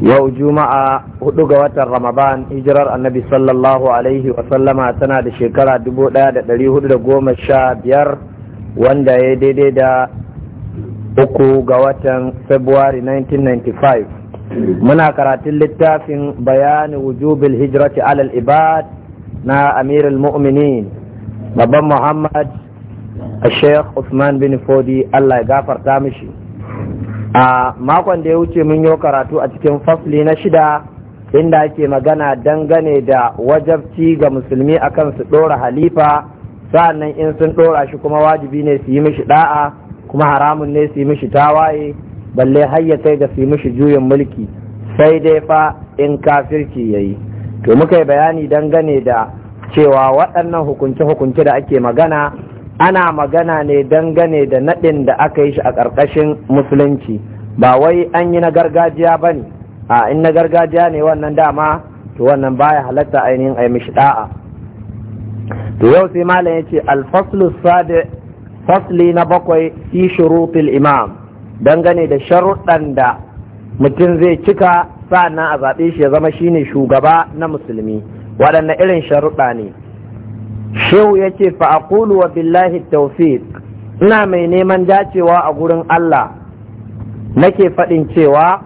yau juma'a hudu ga watan ramadan hijirar annabi sallallahu alaihi wasallama tana da shekara biyar wanda ya daidai da uku ga watan february 1995 muna karatun littafin bayani wujubil hijrati alal ibad na amirul mu'minin babban muhammad a sheikh usman bin fodi allah ya gafarta mishi a makon da ya wuce mun yi karatu a cikin fasli na shida inda ake magana dangane da wajabci ga musulmi akan su ɗora halifa sa'annan in sun ɗora shi kuma wajibi ne su yi mishi da'a kuma haramun ne su yi mishi tawaye balle har ya kai ga su yi mishi juyin mulki sai dai fa in kafirci ya yi to muka yi bayani dangane da cewa waɗannan hukunce-hukunce da ake magana ana magana ne dangane da naɗin da aka yi shi a ƙarƙashin musulunci ba wai an yi na gargajiya ba ne a in na gargajiya ne wannan dama to wannan baya halatta ainihin a mishi da'a to yau sai malam ya ce alfaslu sade fasli na bakwai fi shurutul imam dangane da sharuɗan da mutum zai cika sa'annan a zaɓe shi ya zama shine shugaba na musulmi waɗanne irin sharuɗa ne shehu ya ce fa'akulu wa billahi tawfiq ina mai neman dacewa a gurin Allah nake faɗin cewa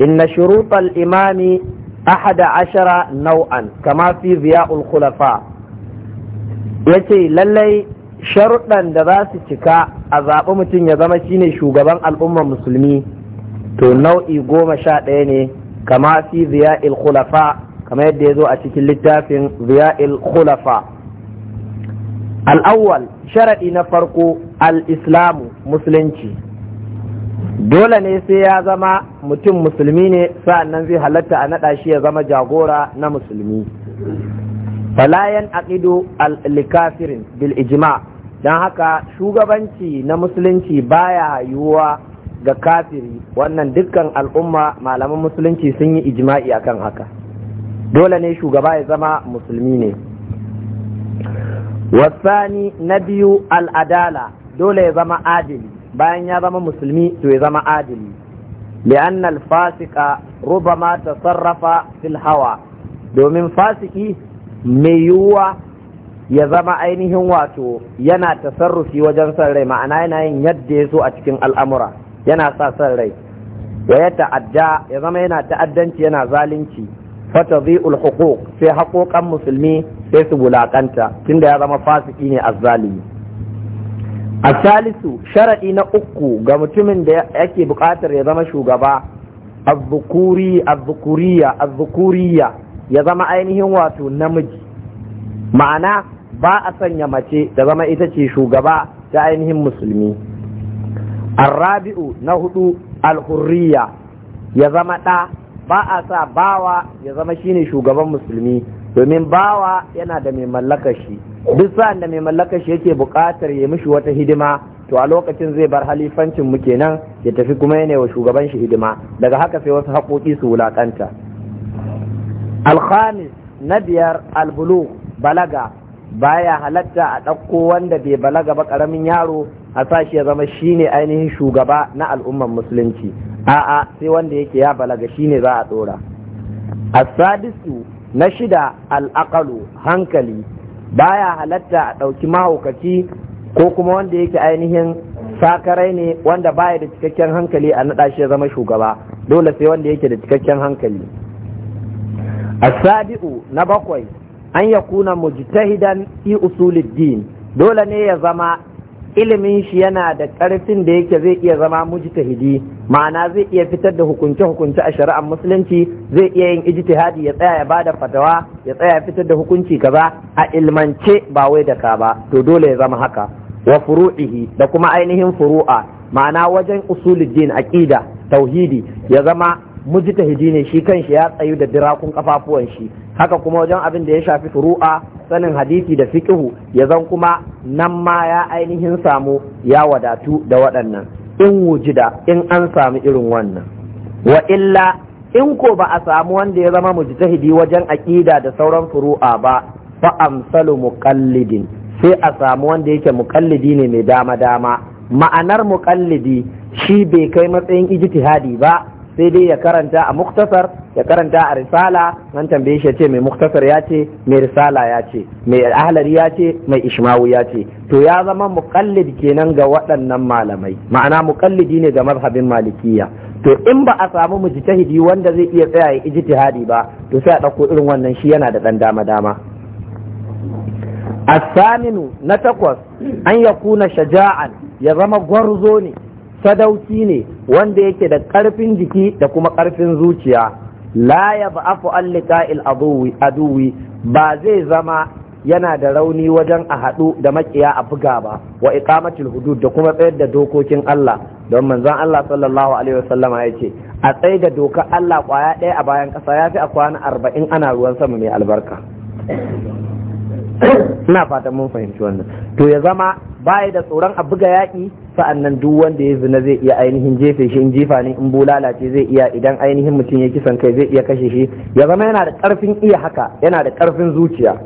inna shurutal imami ahada ashara nau'an kama fi ziya'ul khulafa ya ce lallai sharuɗan da za su cika a zaɓi mutum ya zama shine shugaban al'ummar musulmi to nau'i goma sha ɗaya ne kama fi ziya'il khulafa kama yadda ya zo a cikin littafin ziya'il khulafa al'awwal sharaɗi na farko al'islamu musulunci dole ne sai ya zama mutum musulmi ne nan zai halatta a naɗa shi ya zama jagora na musulmi falayan aqidu al-likafirin bil ijima, don haka shugabanci na musulunci baya yiwuwa ga kafiri wannan dukkan al'umma malaman musulunci sun yi ijma'i akan haka dole ne shugaba ya zama musulmi ne wasani na biyu al'adala dole ya zama adili bayan ya zama musulmi to ya zama adili li'anna al-fasika rubama tasarrafa fil hawa domin fasiki mai yiwuwa ya zama ainihin wato yana tasarrufi wajen son rai ma'ana yana yin yadda ya so a cikin al'amura yana sa son rai wa ya ta'adda ya zama yana ta'addanci yana zalunci fata zai huquq sai haƙoƙan musulmi sai su wulakanta tunda ya zama fasiki ne azzalimi a salisu sharaɗi na uku ga mutumin da yake buƙatar ya zama shugaba azzukuriya ya zama ainihin wato namiji ma'ana ba a sanya mace da zama ita ce shugaba ta ainihin musulmi arrabi'u na hudu alhurriya ya zama ɗa ba a sa bawa ya zama shine shugaban musulmi domin bawa yana da mai mallakar shi duk sa'an da mai mallakar shi yake buƙatar ya mishi wata hidima to a lokacin zai bar halifancin mu kenan ya tafi kuma yana wa shugaban shi hidima daga haka sai wasu haƙoƙi su wulaƙanta alkhamis na biyar albulu balaga baya halatta a ɗauko wanda bai balaga ba ƙaramin yaro a sashi ya zama shine ainihin shugaba na al'ummar musulunci a'a sai wanda yake ya balaga shi ne za a ɗora asadisu na shida al'akalu hankali baya halatta a ɗauki mahaukaci ko kuma wanda yake ainihin sakarai ne wanda baya da cikakken hankali a naɗa shi ya zama shugaba dole sai wanda yake da cikakken hankali asabi'u na bakwai an yakuna mujtahidan fi usulid din dole ne ya zama ilimin shi yana da ƙarfin da yake zai iya zama mujtahidi ma'ana zai iya fitar da hukunce-hukunce a shari'ar musulunci zai iya yin ijtihadi ya tsaya ya bada fatawa ya tsaya fitar da hukunci kaza a ilmance ba wai da ka ba to dole ya zama haka wa furu'ihi da kuma ainihin furu'a ma'ana wajen usuluddin aqida tauhidi ya zama mujtahidi ne shi kanshi ya tsayu da dirakun kafafuwan shi haka kuma wajen abin da ya shafi furu'a sanin hadisi da fiqhu ya zan kuma nan ma ya ainihin samu ya wadatu da waɗannan in wujida in an samu irin wannan wa illa in ko ba a samu wanda ya zama mujtahidi wajen aqida da sauran furu'a ba fa amsalu muqallidin sai a samu wanda yake muqallidi ne mai dama dama ma'anar muqallidi shi bai kai matsayin ijtihadi ba sai dai ya karanta a muktasar ya karanta a risala an tambaye shi ce mai muktasar ya ce mai risala ya ce mai ahlari ya ce mai ishmawu ya ce to ya zama muqallid kenan ga waɗannan malamai ma'ana muqallidi ne ga mazhabin malikiya to in ba a samu mu mujtahidi wanda zai iya tsaya ya ijtihadi ba to sai a ɗauko irin wannan shi yana da ɗan dama dama الثامن نتقص أن يكون شجاعا ya zama sadauki ne wanda yake da ƙarfin jiki da kuma ƙarfin zuciya la ya ba'afu an aduwi ba zai zama yana da rauni wajen a haɗu da makiya a buga ba wa iqamatul hudud da kuma tsayar da dokokin Allah don manzon Allah sallallahu alaihi wasallama ya ce a tsaye da doka Allah kwaya ɗaya a bayan ƙasa ya fi a kwana arba'in ana ruwan sama mai albarka ina fata mun fahimci wannan to ya zama baya da tsoron a buga yaƙi nan duk wanda ya zina zai iya ainihin jefe shi in jefa ne in bulala ce zai iya idan ainihin mutum ya kisan kai zai iya kashe shi ya zama yana da ƙarfin iya haka yana da ƙarfin zuciya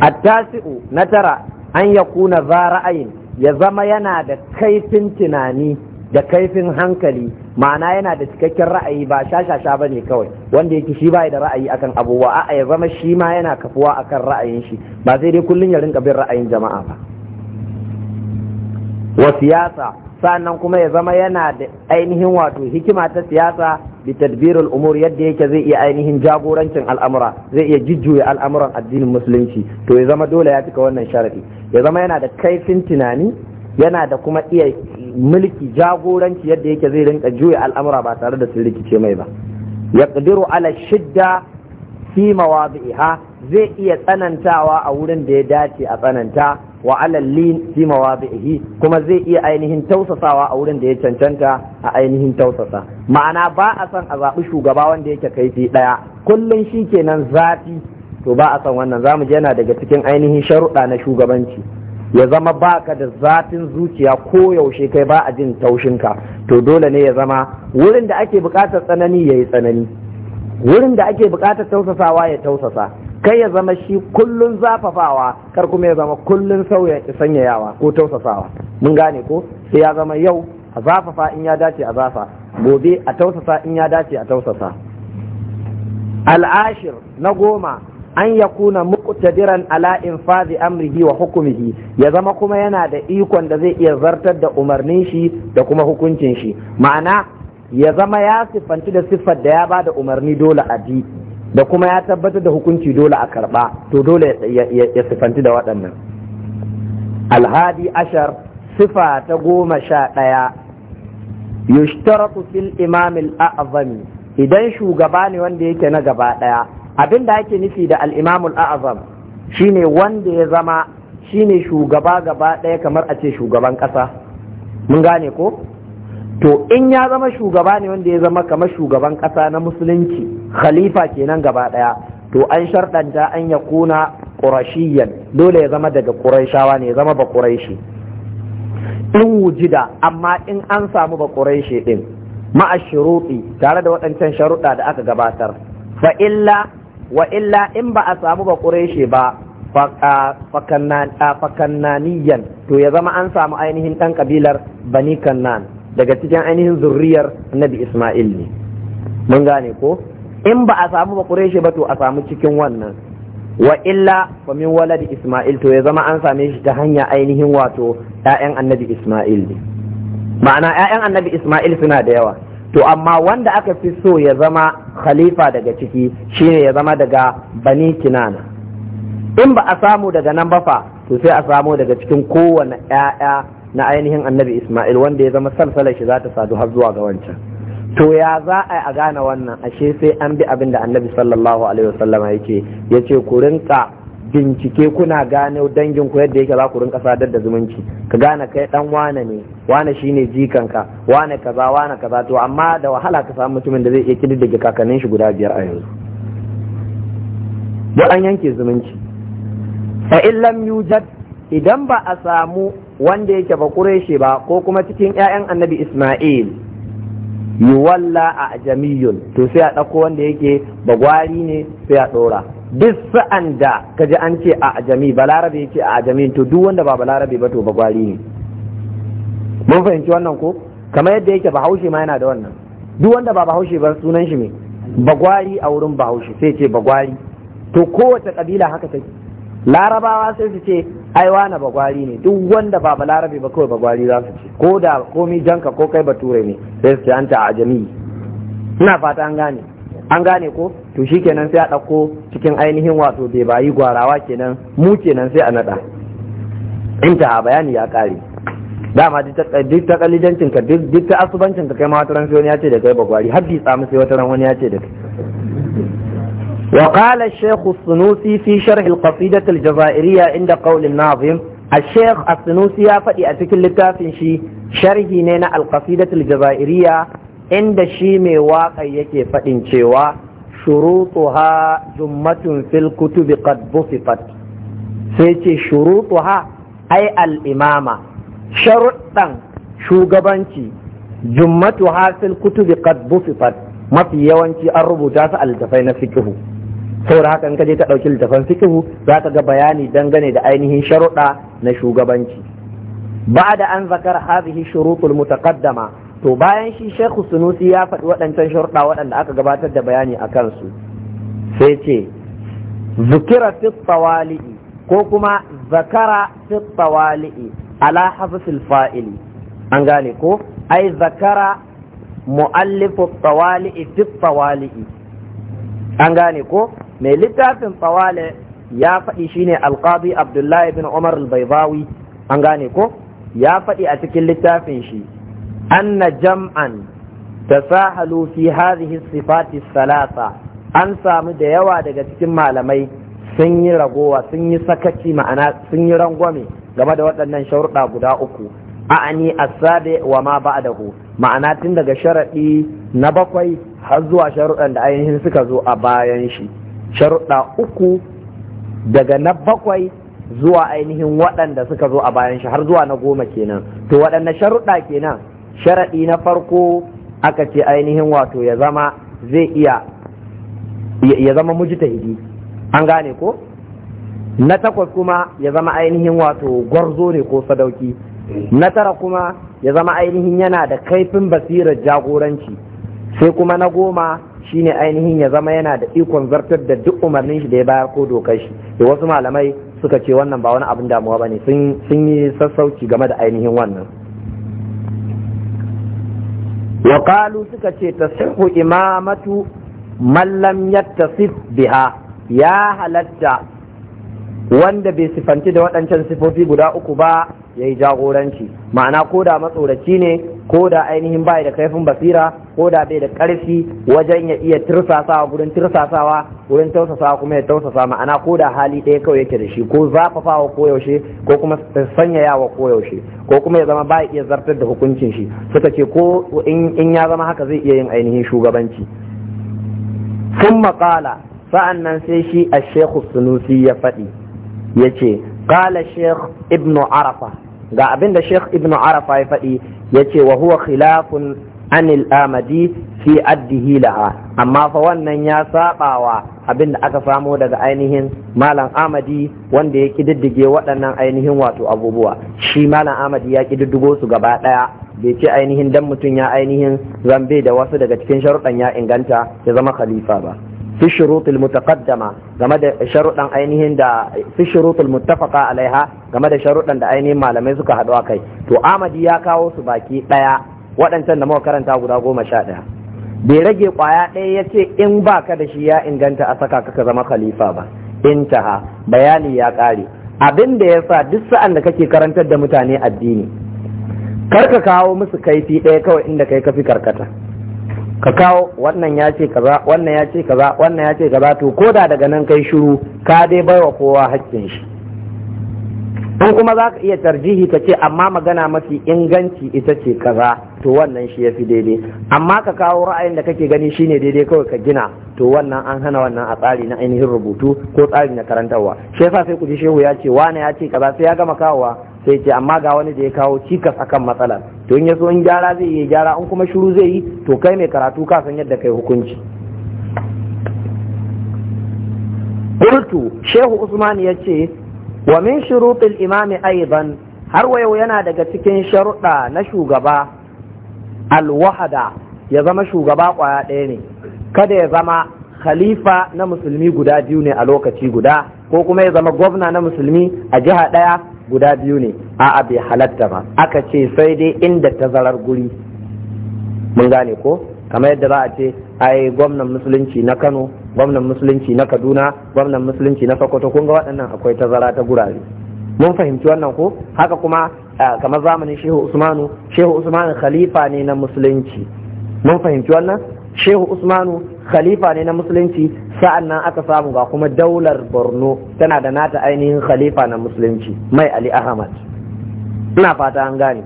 A tasiu na tara an ya kuna za ra'ayin ya zama yana da kaifin tunani da kaifin hankali ma'ana yana da cikakken ra'ayi ba shashasha ba ne kawai wanda yake shi ba da ra'ayi akan abubuwa a'a ya zama shi ma yana kafuwa akan ra'ayin shi ba zai dai kullum ya rinka bin ra'ayin jama'a ba wa siyasa sannan kuma ya zama yana da ainihin wato hikima ta siyasa bi tadbirul umur yadda yake zai iya ainihin jagorancin al'amura zai iya jujjuya al'amuran addinin musulunci to ya zama dole ya cika wannan sharadi ya zama yana da kaifin tunani yana da kuma iya mulki jagoranci yadda yake zai rinka juya al'amura ba tare da sun rikice mai ba yaqdiru ala shidda fi mawadi'iha zai iya tsanantawa a wurin da ya dace a tsananta wa alallin fi mawadihi kuma zai iya ainihin tausasawa a wurin da ya cancanta a ainihin tausasa ma'ana ba a san a zaɓi shugaba wanda yake kaifi ɗaya kullum shi kenan zafi to ba a san wannan zamu je yana daga cikin ainihin sharuɗa na shugabanci ya zama ba ka da zafin zuciya ko yaushe kai ba a jin taushinka to dole ne ya zama wurin da ake buƙatar tsanani ya tsanani wurin da ake buƙatar tausasawa ya tausasa kai ya zama shi kullun zafafawa kar kuma ya zama kullun sauya sanyayawa ko tausasawa mun gane ko sai ya zama yau a zafafa in ya dace a zafa gobe a tausasa in ya dace a tausasa al'ashir na goma an ya kuna muktadiran ala infazi amrihi wa hukumihi ya zama kuma yana da ikon da zai iya zartar da umarnin shi da kuma hukuncin shi ma'ana ya zama ya siffanci da siffar da ya ba da umarni dole a da kuma ya tabbatar da hukunci dole a karba to dole ya sifanti da waɗannan alhadi ashar sifa ta goma sha ɗaya yushtaratu fil imam al-a'zami idan shugaba ne wanda yake na gaba ɗaya abin da ake nufi da al-imam al-a'zam shine wanda ya zama shine shugaba gaba ɗaya kamar a ce shugaban ƙasa mun gane ko to in ya zama shugaba ne wanda ya zama kamar shugaban ƙasa na musulunci khalifa kenan gaba ɗaya to an sharɗanta an ya kuna ƙurashiyan dole ya zama daga ƙurashawa ne ya zama ba ƙurashi in wujida amma in an samu ba ƙurashi din, ma'a shuruɗi tare da waɗancan sharuɗa da aka gabatar fa illa wa illa in ba a samu ba ƙurashi ba fakannaniyan to ya zama an samu ainihin ɗan ƙabilar bani kannan daga cikin ainihin zurriyar annabi Ismail ne mun gane ko in ba a samu ba Quraishi ba to a samu cikin wannan wa illa fa min waladi Ismail to ya zama an same shi ta hanya ainihin wato ƴaƴan annabi Ismail ne ma'ana ƴaƴan annabi Ismail suna da yawa to amma wanda aka fi so ya zama khalifa daga ciki shine ya zama daga bani kinana in ba a samu daga nan ba fa to sai a samu daga cikin kowane ƴaƴa na ainihin annabi Ismail wanda ya zama salsalar shi za ta sadu har zuwa ga wancan to ya za a a gane wannan ashe sai an bi abin da annabi sallallahu alaihi wasallama yake yace ku rinka bincike kuna gane dangin ku yadda yake za ku rinka sadar da zumunci ka gane kai dan wane ne wane shine jikanka wane kaza wane kaza to amma da wahala ka samu mutumin da zai iya kididdige kakannin shi guda biyar a yanzu duk an yanke zumunci fa in lam yujad idan ba a samu wanda yake ba ƙureshe ba ko kuma cikin 'ya'yan annabi Ismail yuwalla a jamiyun to sai a ɗauko wanda yake ba gwari ne sai a ɗora duk sa'an da ka ji an ce a ajami balarabe ya ce a ajami to duk wanda ba balarabe ba to ba gwari ne mun fahimci wannan ko kamar yadda yake bahaushe ma yana da wannan duk wanda ba bahaushe ba sunan shi me bagwari a wurin bahaushe sai ce bagwari to kowace kabila haka take larabawa sai su ce ai wani bagwari ne duk wanda ba balarabe ba kawai bagwari za su ce ko da komi janka ko kai bature ne sai su ce an ta jami'i. ina fata an gane an gane ko to shikenan sai a ɗauko cikin ainihin wato bai bayi gwarawa kenan mu kenan sai a naɗa inta bayani ya ƙare dama duk ta kalidancin ka duk ta asubancin ka kai ma wata ran sai wani ya ce da kai bagwari har bi tsamu sai wata ran wani ya ce da kai وقال الشيخ السنوسي في شرح القصيدة الجزائرية عند قول الناظم الشيخ السنوسي فدي أتكل لتافن شي شرح نينا القصيدة الجزائرية عند شي مي واقع يكي فإن شوا شروطها جمة في الكتب قد بسطت سيتي شروطها أي الإمامة شرطا شو قبنتي جمة في الكتب قد بسطت mafi yawanci an rubuta su a littafai na fikihu saboda haka in ka je ka ɗauki littafan fikihu za ka ga bayani dangane da ainihin sharuɗa na shugabanci Ba da an zakar hazihi shurutul mutaqaddama to bayan shi shekhu Sunusi ya faɗi waɗancan sharuɗa waɗanda aka gabatar da bayani a kansu sai ce zukira fi ko kuma zakara fi tawali'i ala hazfil fa'ili an gane ko ai zakara mu'allifu tawali'i fi an gane ko mai littafin tsawale ya faɗi shine alqadi abdullahi bin umar al-baydawi an gane ko ya faɗi a cikin littafin shi anna jam'an tasahalu fi hadhihi sifati salasa an samu da yawa daga cikin malamai sun yi ragowa sun yi sakaci ma'ana sun yi rangwame game da waɗannan sharuɗa guda uku a'ani asabe wa ma ba'dahu ma'ana tun daga sharaɗi na bakwai har zuwa sharuɗan da ainihin suka zo a bayan shi sharuɗa uku daga na bakwai zuwa ainihin waɗanda suka zo a bayan shi har zuwa na goma kenan to waɗanne sharuɗa kenan sharaɗi na farko aka ce ainihin wato ya zama zai iya ya zama an gane ko na takwas kuma ya zama ainihin wato gwarzo ne ko sadauki na tara kuma ya zama ainihin yana da kaifin basirar jagoranci sai kuma na goma shi ne ainihin ya zama yana da ikon zartar da duk umarnin shi da ya bayar ko dokar shi da wasu malamai suka ce wannan ba wani abin damuwa ba ne sun yi sassauci game da ainihin wannan waƙalu suka ce ta imamatu mallam sif biha ya halatta wanda bai sifanci da waɗancan sifofi guda uku ba ya yi jagoranci ma'ana ko da matsoraci ne ko da ainihin bai da kaifin basira ko da bai da ƙarfi wajen ya iya tirsasawa gurin tirsasawa gurin tausasawa kuma ya tausasa ma'ana ko da hali ɗaya kawai yake da shi ko zafafawa ko yaushe ko kuma sanyayawa ko yaushe ko kuma ya zama bai iya zartar da hukuncin shi suka ce ko in ya zama haka zai iya yin ainihin shugabanci sun maƙala sa'an nan sai shi a shekhu sunusi ya faɗi ya ce قال الشيخ ابن عرفه ga abin da Sheikh Ibn Arafa ya faɗi ya wa huwa khilafun anil amadi fi addihi laha amma fa wannan ya sabawa abin da aka samo daga ainihin malam amadi wanda ya kididdige waɗannan ainihin wato abubuwa shi malam amadi ya kididdigo su gaba ɗaya bai ce ainihin dan mutum ya ainihin zambe da wasu daga cikin sharuɗan ya inganta ya zama khalifa ba fi shurutul mutaqaddama game da sharuɗan ainihin da fi shurutul muttafaqa alaiha game da sharuɗan da ainihin malamai suka hadu a kai to amadi ya kawo su baki ɗaya waɗancan da muka karanta guda goma sha ɗaya bai rage ƙwaya ɗaya ya ce in ba ka da shi ya inganta a saka ka zama khalifa ba intaha bayani ya ƙare abin da ya sa duk sa'an da kake karantar da mutane addini kar ka kawo musu kaifi ɗaya kawai inda kai ka fi karkata ka kawo wannan ya ce kaza wannan ya ce kaza wannan ya ce kaza to ko da daga nan kai shiru ka dai wa kowa haƙƙin shi in kuma za ka iya tarjihi ka ce amma magana mafi inganci ita ce kaza to wannan shi yafi daidai amma ka kawo ra'ayin da kake gani shine daidai kawai ka gina to wannan an hana wannan a tsari na ainihin rubutu ko tsari na karantarwa shi yasa sai ku ji shehu ya ce wane ya ce kaza sai ya gama kawowa sai ce amma ga wani da ya kawo cikas akan matsalar to in yaso in gyara zai yi gyara in kuma shiru zai yi to kai mai karatu ka san yadda kai hukunci Burtu shehu usman ya ce wa min shurutil imami aidan har yau yana daga cikin sharuɗa na shugaba alwahada ya zama shugaba kwaya ɗaya ne kada ya zama khalifa na musulmi guda biyu ne a lokaci guda ko kuma ya zama gwamna na musulmi a jiha ɗaya guda biyu ne a'a bai halatta ba aka ce sai dai inda tazarar guri mun gane ko kamar yadda za a ce ai gwamnan musulunci na kano gwamnan musulunci na kaduna gwamnan musulunci na sokoto kun ga waɗannan akwai tazara ta gurare mun fahimci wannan ko haka kuma kamar zamanin shehu usmanu shehu usmanu khalifa ne na musulunci mun fahimci wannan shehu usmanu khalifa ne na musulunci sa'an nan aka samu ga kuma daular borno tana da nata ainihin khalifa na musulunci mai ali ahmad ina fata an gane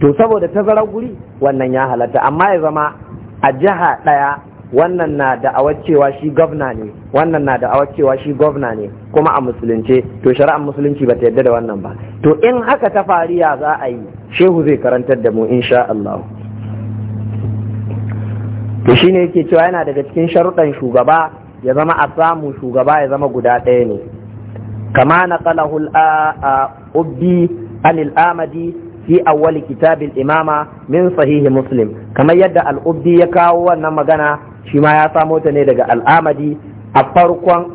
to saboda tazarar guri wannan ya halatta amma ya zama a jiha ɗaya wannan na da awacewa shi gwamna ne wannan na da awacewa shi gwamna ne kuma a musulunce to shari'ar musulunci ba ta yadda da wannan ba to in haka ta fariya za a yi shehu zai karantar da mu insha Allah to shine yake cewa yana daga cikin sharuɗan shugaba ya zama a samu shugaba ya zama guda ɗaya ne kama na a ubbi anil amadi fi wali kitabil imama min sahihi muslim kamar yadda al ya kawo wannan magana shi ma ya samo ta ne daga Al'amadi a farkon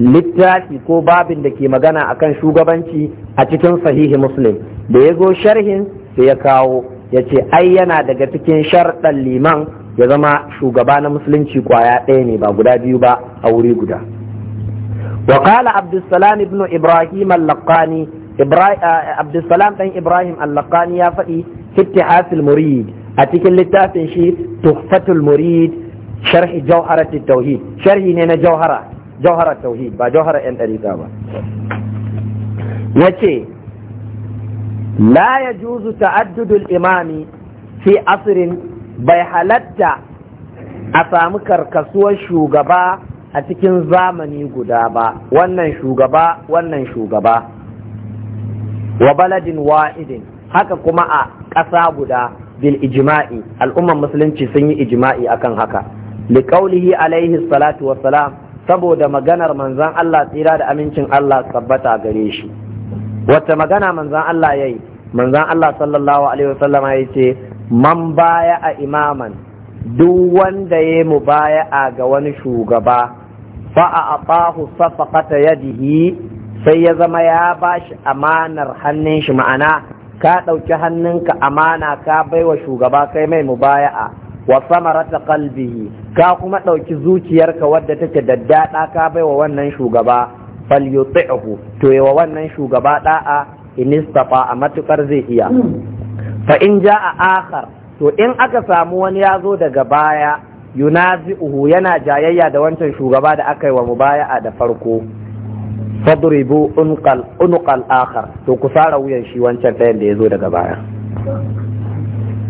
littafi ko babin da ke magana akan shugabanci a cikin sahihi muslim da ya zo sharhin sai ya kawo ya ce ai yana daga cikin sharɗan liman ya zama shugaba na musulunci kwaya ɗaya ne ba guda biyu ba a wuri guda wa qala abdussalam ibn ibrahim al-laqani abdussalam ibrahim al-laqani ya faɗi ittihasul murid a cikin littafin shi tuhfatul murid sharhi jawharat tauhid sharhi ne na jawhara jawhara ba jawhara yan dariqa ba yace la yajuzu ta'addudul imami fi asrin bai halatta a samu karkasuwar shugaba a cikin zamani guda ba wannan shugaba wannan shugaba wa baladin wa'idin haka kuma a ƙasa guda bil ijma'i Al'ummar musulunci sun yi ijma'i akan haka Liƙaulihi alaihi salatu wassalam saboda maganar manzon Allah tsira da amincin Allah tabbata gare shi wata magana manzon Allah yayi manzon Allah sallallahu alaihi wasallama yace man baya a imaman duk wanda ya mu baya ga wani shugaba fa a atahu safaqata yadihi sai ya zama ya bashi amanar hannun shi ma'ana ka ɗauki hannunka amana ka baiwa shugaba kai mai mubaya'a wa samarata qalbihi ka kuma ɗauki zuciyarka wadda take daddada ka baiwa wannan shugaba falyuti'hu to yawa wannan shugaba da'a inista fa a matukar zai iya hmm. fa in ja'a akhar to in aka samu wani ya zo daga baya yunazi'uhu yana jayayya da wancan shugaba da aka yi wa mubaya'a da farko fadribu unqal unqal akhar to ku fara wuyan shi wancan ɗayan da ya zo daga baya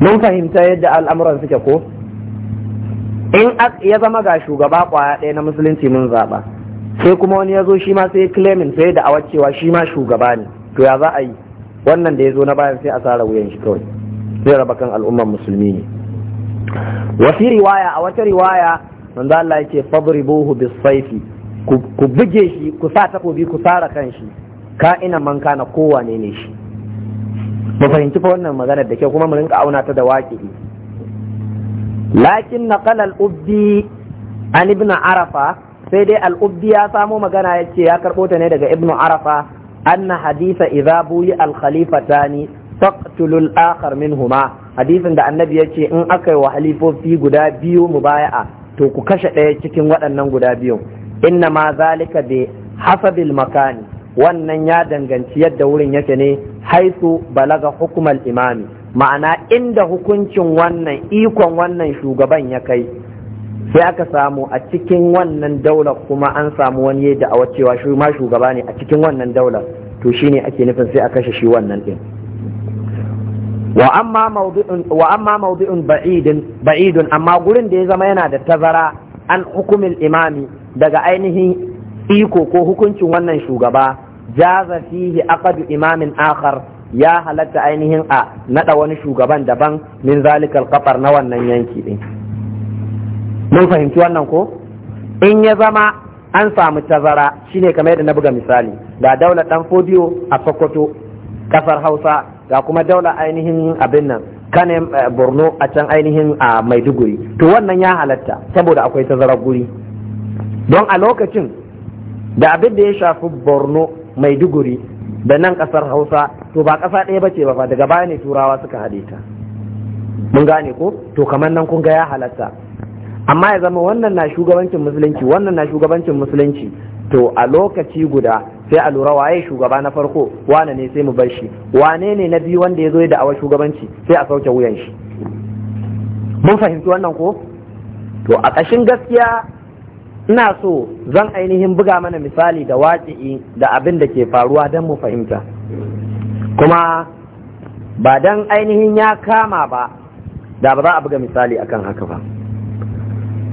mun fahimta yadda al'amuran suke ko in ya zama ga shugaba kwaya ɗaya na musulunci mun zaɓa sai kuma wani ya zo shi ma sai claiming sai da awa shi ma shugaba ne to ya za a yi wannan da ya zo na bayan sai a sara wuyan shi kawai zai raba kan al'ummar musulmi ne wasu riwaya a wata riwaya manzo Allah yake fadribuhu bisayfi ku buge shi ku sa takobi ku sara kan shi ka ina man kana kowane ne shi mu fahimci fa wannan magana da kyau kuma mu rinka auna ta da waƙi lakin naqala al-ubdi an ibn arafa sai dai al ya samo magana yace ya karɓo ta ne daga Ibnu arafa anna haditha idza buyi al khalifatani taqtulul akhar minhuma hadisin da annabi ce in aka yi wa halifofi guda biyu mubaya'a to ku kashe ɗaya cikin waɗannan guda biyu inna Mazalika zalika bi hasabil makani wannan ya danganci yadda wurin yake ne haisu balaga hukumar imami ma'ana inda hukuncin wannan ikon wannan shugaban ya kai sai aka samu a cikin wannan daular kuma an samu wani da a cewa shi ma shugaba ne a cikin wannan daular to shine ake nufin sai a kashe shi wannan din wa amma mawdu'un ba'idun ba'idun amma gurin da ya zama yana da tazara an hukumin imami daga ainihin iko ko hukuncin wannan shugaba jaza fihi aqadu imamin akhar ya halatta ainihin a nada wani shugaban daban min zalikal qafar na wannan yanki din mun fahimci wannan ko in ya zama an samu tazara shine kamar yadda na buga misali ga daular dan fodiyo a sokoto kasar hausa ga kuma daular ainihin abin nan kanem eh, borno a can ainihin a maiduguri to wannan ya halatta saboda akwai tazarar guri don a lokacin da abin da ya shafi borno maiduguri da nan kasar hausa to ba kasa ɗaya bace ba daga baya ne turawa suka haɗe ta mun gane ko to kamar nan kun ga ya halatta amma ya zama wannan na shugabancin musulunci wannan na shugabancin musulunci to a lokaci guda sai a lura waye shugaba na farko wane ne sai mu bar shi wane ne na biyu wanda ya zo da awa shugabanci sai a sauke wuyan shi mun fahimci wannan ko to a ƙashin gaskiya ina so zan ainihin buga mana misali da waƙi'i da abin da ke faruwa don mu fahimta kuma ba don ainihin ya kama ba da ba za a buga misali akan haka ba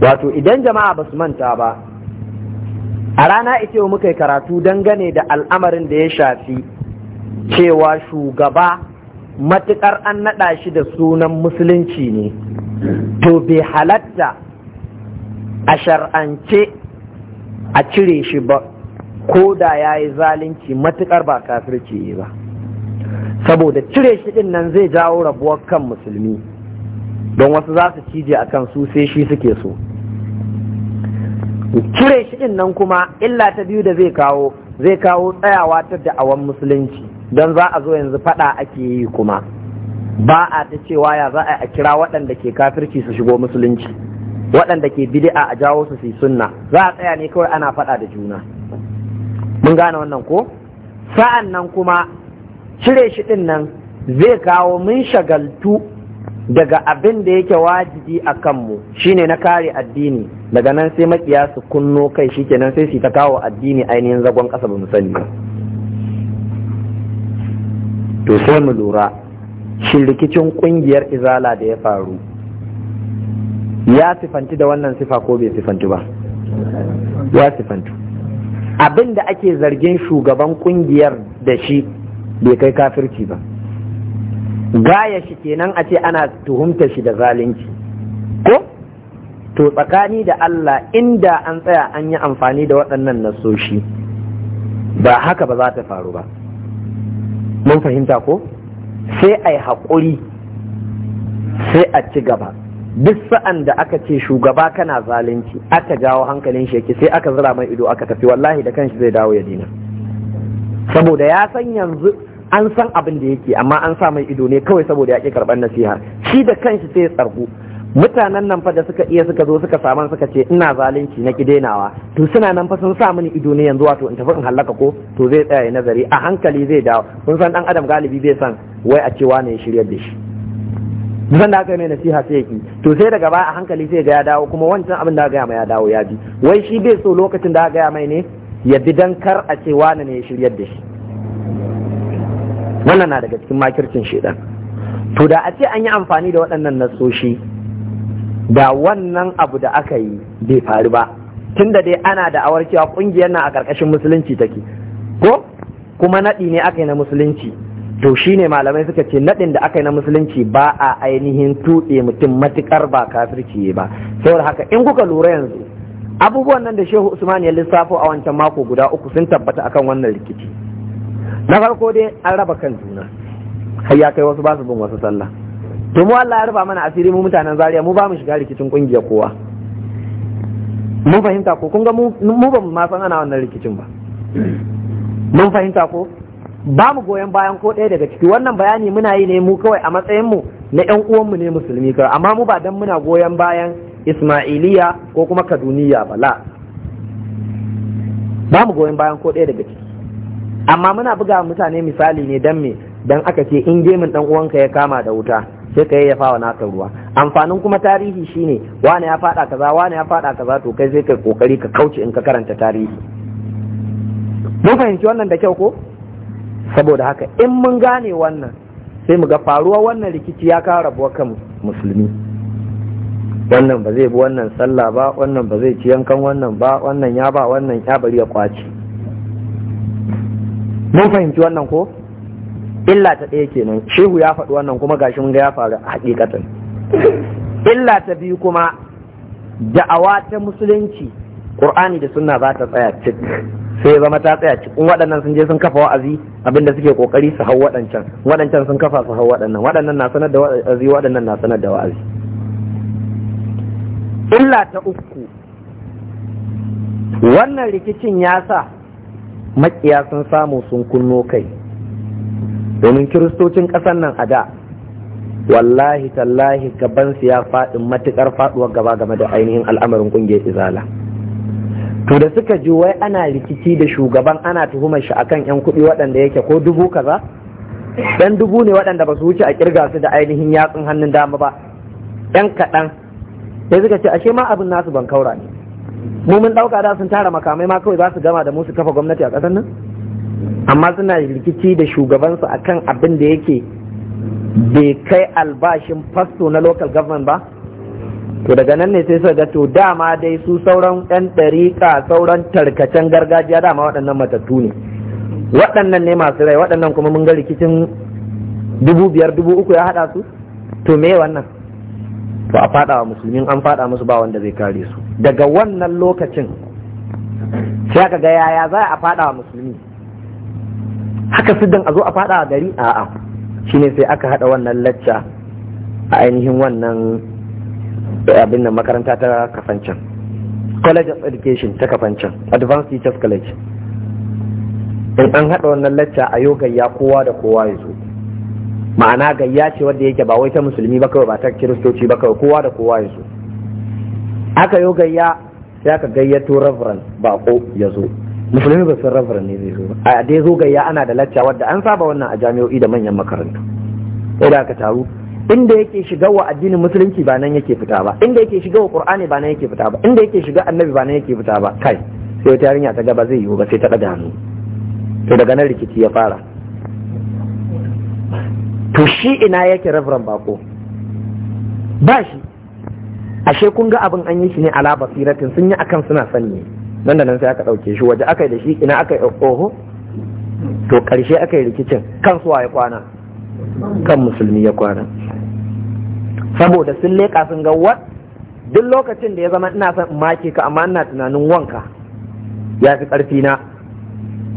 wato idan jama'a ba su manta ba a rana ita muka yi karatu dangane da al'amarin da ya shafi cewa shugaba matuƙar an naɗa shi da sunan musulunci ne to bai halatta a shar'ance a cire shi ba ko da ya yi zalunci matukar ba kafirci ba saboda cire shi ɗin nan zai jawo rabuwar kan musulmi don wasu za su cije a kan su sai shi suke so cire shi din nan kuma illa ta biyu da zai kawo zai kawo tsayawa ta da'awan musulunci don za a zo yanzu fada ake yi kuma ba a ta cewa ya za a kira waɗanda ke kafirci su shigo musulunci waɗanda ke bid'a a jawo su su sunna za a tsaya ne kawai ana faɗa da juna mun gane wannan ko sa'an nan kuma cire shi nan zai kawo mun shagaltu daga abin da yake wajibi a kanmu shine na kare addini daga nan sai makiya su kunno kai shikenan sai su ta kawo addini ainihin zagon ƙasa ba mu sani ba to sai mu lura shi rikicin ƙungiyar izala da ya faru ya sifanti da wannan sifa ko bai sifanti ba ya sifantu abin da ake zargin shugaban ƙungiyar da shi bai kai kafirci ba gaya shi kenan a ce ana tuhumta shi da zalunci ko to tsakani da Allah inda an tsaya an yi amfani da waɗannan nasoshi ba haka ba za ta faru ba mun fahimta ko sai a yi haƙuri sai a ci gaba duk sa'an da aka ce shugaba kana zalunci aka jawo hankalin sheki sai aka zira mai ido aka tafi wallahi da kanshi zai dawo ya dina saboda ya san yanzu an san abin da yake amma an sa mai ido ne kawai saboda ya ki karɓar nasiha shi da kanshi sai ya tsargu mutanen nan fa da suka iya suka zo suka saman suka ce ina zalunci na kidenawa to suna nan fa sun sa mini ido ne yanzu wato in tafi in hallaka ko to zai tsaya nazari a hankali zai dawo kun san dan adam galibi zai san wai a cewa ne ya shiryar da shi san da aka mai nasiha sai yaki to sai daga baya a hankali sai ga ya dawo kuma wancan abin da aka gaya ya dawo ya ji. wai shi bai so lokacin da aka gaya mai ne ya bi dan kar a cewa wani ne ya shiryar da shi wannan na daga cikin makircin shaidan to da a ce an yi amfani da waɗannan nasoshi da wannan abu da aka yi bai faru ba tun da dai ana da awar cewa ƙungiyar nan a ƙarƙashin musulunci take ko kuma naɗi ne aka yi na musulunci to shi ne malamai suka ce naɗin da aka yi na musulunci ba a ainihin tuɗe mutum matuƙar ba kafirci ba saboda haka in kuka lura yanzu abubuwan nan da shehu usman ya lissafo a wancan mako guda uku sun tabbata akan wannan rikici na farko dai an raba kan juna har ya kai wasu ba su bin wasu sallah to mu Allah ya raba mana asiri mu mutanen Zariya mu ba mu shiga rikicin kungiya kowa mun fahimta ko kun ga mu ba mu ma san ana wannan rikicin ba mun fahimta ko ba mu goyon bayan ko ɗaya daga ciki wannan bayani muna yi ne mu kawai a matsayin mu na ƴan uwanmu ne musulmi kawai amma mu ba dan muna goyon bayan Ismailiya ko kuma Kaduniya ba la ba mu goyon bayan ko ɗaya daga ciki amma muna buga mutane misali ne dan me dan aka ce in gemin dan uwanka ya kama da wuta sai ka yayyafa wa naka ruwa amfanin kuma tarihi shine wani ya fada kaza Wani ya fada kaza to kai sai kai kokari ka kauce in ka karanta tarihi mun fahimci wannan da kyau ko saboda haka in mun gane wannan sai mu ga faruwa wannan rikici ya kawo rabuwa kan musulmi wannan ba zai bi wannan sallah ba wannan ba zai ci yankan wannan ba wannan ya ba wannan ya bari ya kwace mun fahimci wannan ko illa ta ɗaya kenan shehu ya faɗi wannan kuma gashi mun ga ya faru a hakikatan illa ta biyu kuma da'awa ta musulunci qur'ani da sunna za ta tsaya cik sai zama ta tsaya cik in waɗannan sun je sun kafa wa'azi abinda suke kokari su hau waɗancan waɗancan sun kafa su hau waɗannan waɗannan na sanar da wa'azi waɗannan na sanar da wa'azi illa ta uku wannan rikicin ya sa makiya sun samu sun kunno kai domin kiristocin ƙasar nan a da wallahi tallahi su ya faɗi matuƙar faɗuwar gaba game da ainihin al'amarin ƙungiyar izala to da suka ji wai ana rikici da shugaban ana tuhumar shi akan yan kuɗi waɗanda yake ko dubu kaza dan dubu ne waɗanda ba su wuce a kirga su da ainihin yatsun hannun dama ba yan kaɗan sai suka ce ashe ma abin nasu ban kaura ne mu mun dauka da sun tara makamai ma kawai za su gama da mu su kafa gwamnati a ƙasar nan amma suna rikici da shugabansu akan abin da yake bai kai albashin fasto na local government ba to daga nan ne sai su ga to dama dai su sauran yan ɗariƙa sauran tarkacen gargajiya dama waɗannan matattu ne waɗannan ne masu rai waɗannan kuma mun ga rikicin dubu biyar dubu uku ya haɗa su to me wannan to a fada wa musulmin an fada musu ba wanda zai kare su daga wannan lokacin sai aka ga yaya za a fada wa musulmi haka siddan a zo a fada wa gari a'a shine sai aka hada wannan lacca a ainihin wannan eh, abin nan makaranta ta kafancan college of education ta kafancan advanced teachers college in an haɗa wannan lacca a ya kowa da kowa ya zo ma'ana gayya ce wadda yake ba wai ta musulmi ba kawai ba ta kiristoci ba kawai kowa da kowa ya zo aka yi gayya sai aka gayyato reverend bako ya zo musulmi ba sun reverend ne zai zo ba a dai zo gayya ana da lacca wadda an saba wannan a jami'o'i da manyan makarantu sai da aka taru inda yake shiga wa addinin musulunci ba nan yake fita ba inda yake shiga wa qur'ani ba nan yake fita ba inda yake shiga annabi ba nan yake fita ba kai sai wata yarinya ta gaba zai yiwu ba sai ta daga hannu to daga nan rikici ya fara to shi ina yake reverend bako ba shi ashe kun ga abin an yi shi ne ala basiratin sun yi akan suna sani nan da nan sai aka ɗauke shi waje aka yi da shi ina aka yi oho to ƙarshe aka rikicin kan suwa ya kwana kan musulmi ya kwana saboda sun leƙa sun ga wat duk lokacin da ya zama ina son in make ka amma ina tunanin wanka ya fi ƙarfi na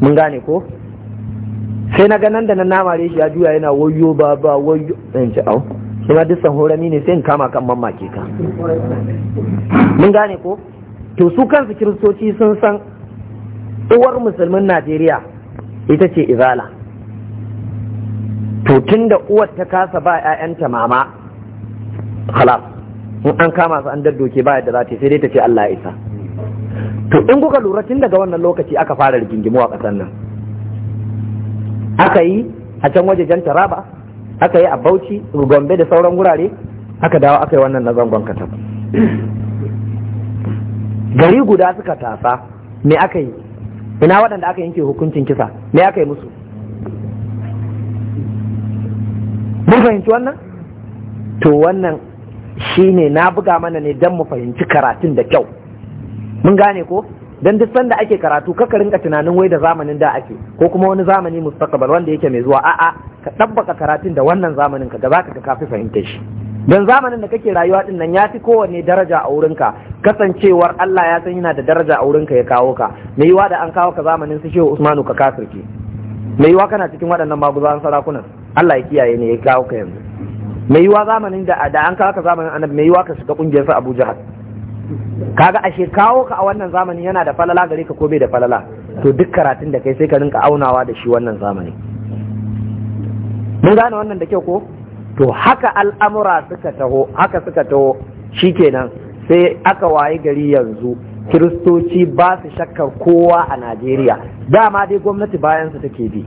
mun gane ko sai na ganan da na namare shi ya juya yana wayo ba ba wayo Ɗan ci au shi ma duk sahorami ne sai in kama kan mamaki ka mun gane ko to su kansu kiristoci sun san uwar musulmin najeriya ita ce izala to tun da uwar ta kasa ba 'ya'yanta mama halas in an kama su an daddoke ba yadda za ta sai dai ta ce allah isa to in kuka lura tun daga wannan lokaci aka fara rigingimu a ƙasar nan aka yi a can waje jan taraba aka yi a bauchi gombe da sauran wurare aka dawo aka yi wannan na zangon katam gari guda suka tasa me aka yi ina waɗanda aka yanke hukuncin kisa me aka yi musu mun fahimci wannan to wannan shine na buga mana ne don mu fahimci karatun da kyau mun gane ko dan duk sanda ake karatu kaka rinka tunanin wai da zamanin da ake ko kuma wani zamani mustaqbal wanda yake mai zuwa a'a ka tabbaka karatun da wannan zamanin ka ga zaka ka kafi fahimta shi dan zamanin da kake rayuwa din nan yafi kowanne daraja a wurin ka, kasancewar Allah ya san yana da daraja a wurin ka ya kawo ka mai yiwa da an kawo ka zamanin su Shehu Usmanu ka kafirke mai yiwa kana cikin waɗannan maguzawan sarakunan Allah ya kiyaye ne ya kawo ka yanzu mai yiwa zamanin da an kawo ka zamanin annabi mai yiwa ka shiga kungiyar sa Abu Jahal kaga ashe kawo ka a wannan zamani yana da falala gare ka ko bai da falala to duk karatun da kai sai ka rinka aunawa da shi wannan zamani mun gane wannan da kyau ko to haka al'amura suka taho haka suka taho shikenan sai aka wayi gari yanzu kiristoci ba su shakkar kowa a najeriya dama dai gwamnati bayan su take bi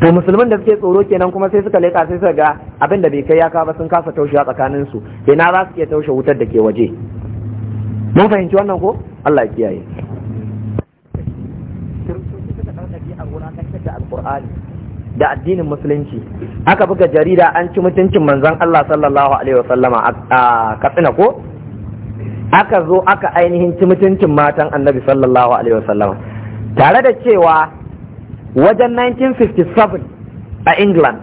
to musulman da suke tsoro kenan kuma sai suka leƙa sai suka ga abin da bai kai ya ba sun kasa taushewa tsakanin su ina za su iya taushe wutar da ke waje mun fahimci wannan ko Allah ya kiyaye da addinin musulunci aka buga jarida an ci mutuncin manzon Allah sallallahu alaihi wasallama a katsina ko aka zo aka ainihin ci mutuncin matan annabi sallallahu alaihi wasallama tare da cewa wajen 1957 a england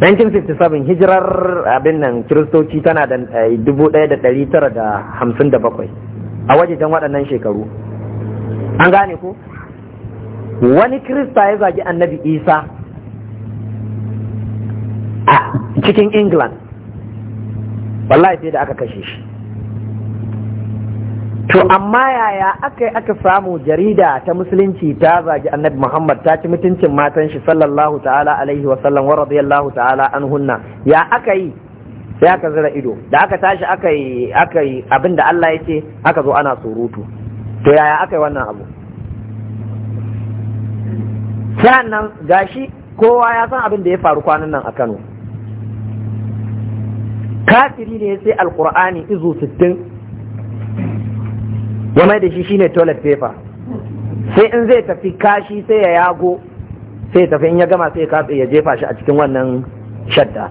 1957 hijirar abin nan kiristoci tana da 1957 eh, a wajen waɗannan shekaru an gane ko, wani kirista ya zagi annabi isa a cikin england wallahi sai da aka kashe shi to amma yaya aka yi aka samu jarida ta musulunci ta zagi annabi muhammad ta ci mutuncin matan shi sallallahu ta'ala alaihi wa sallam wa radiyallahu ta'ala an hunna. ya aka yi sai aka zira ido da aka tashi aka yi aka yi abin da Allah ya ce aka zo ana surutu to yaya aka yi wannan abu sannan gashi kowa ya san abin da ya faru kwanan nan a Kano kafiri ne sai alqur'ani izu sittin. ya mai da shi shine toilet paper sai in zai tafi kashi sai ya yago sai tafi in ya gama sai katse ya jefa shi a cikin wannan shadda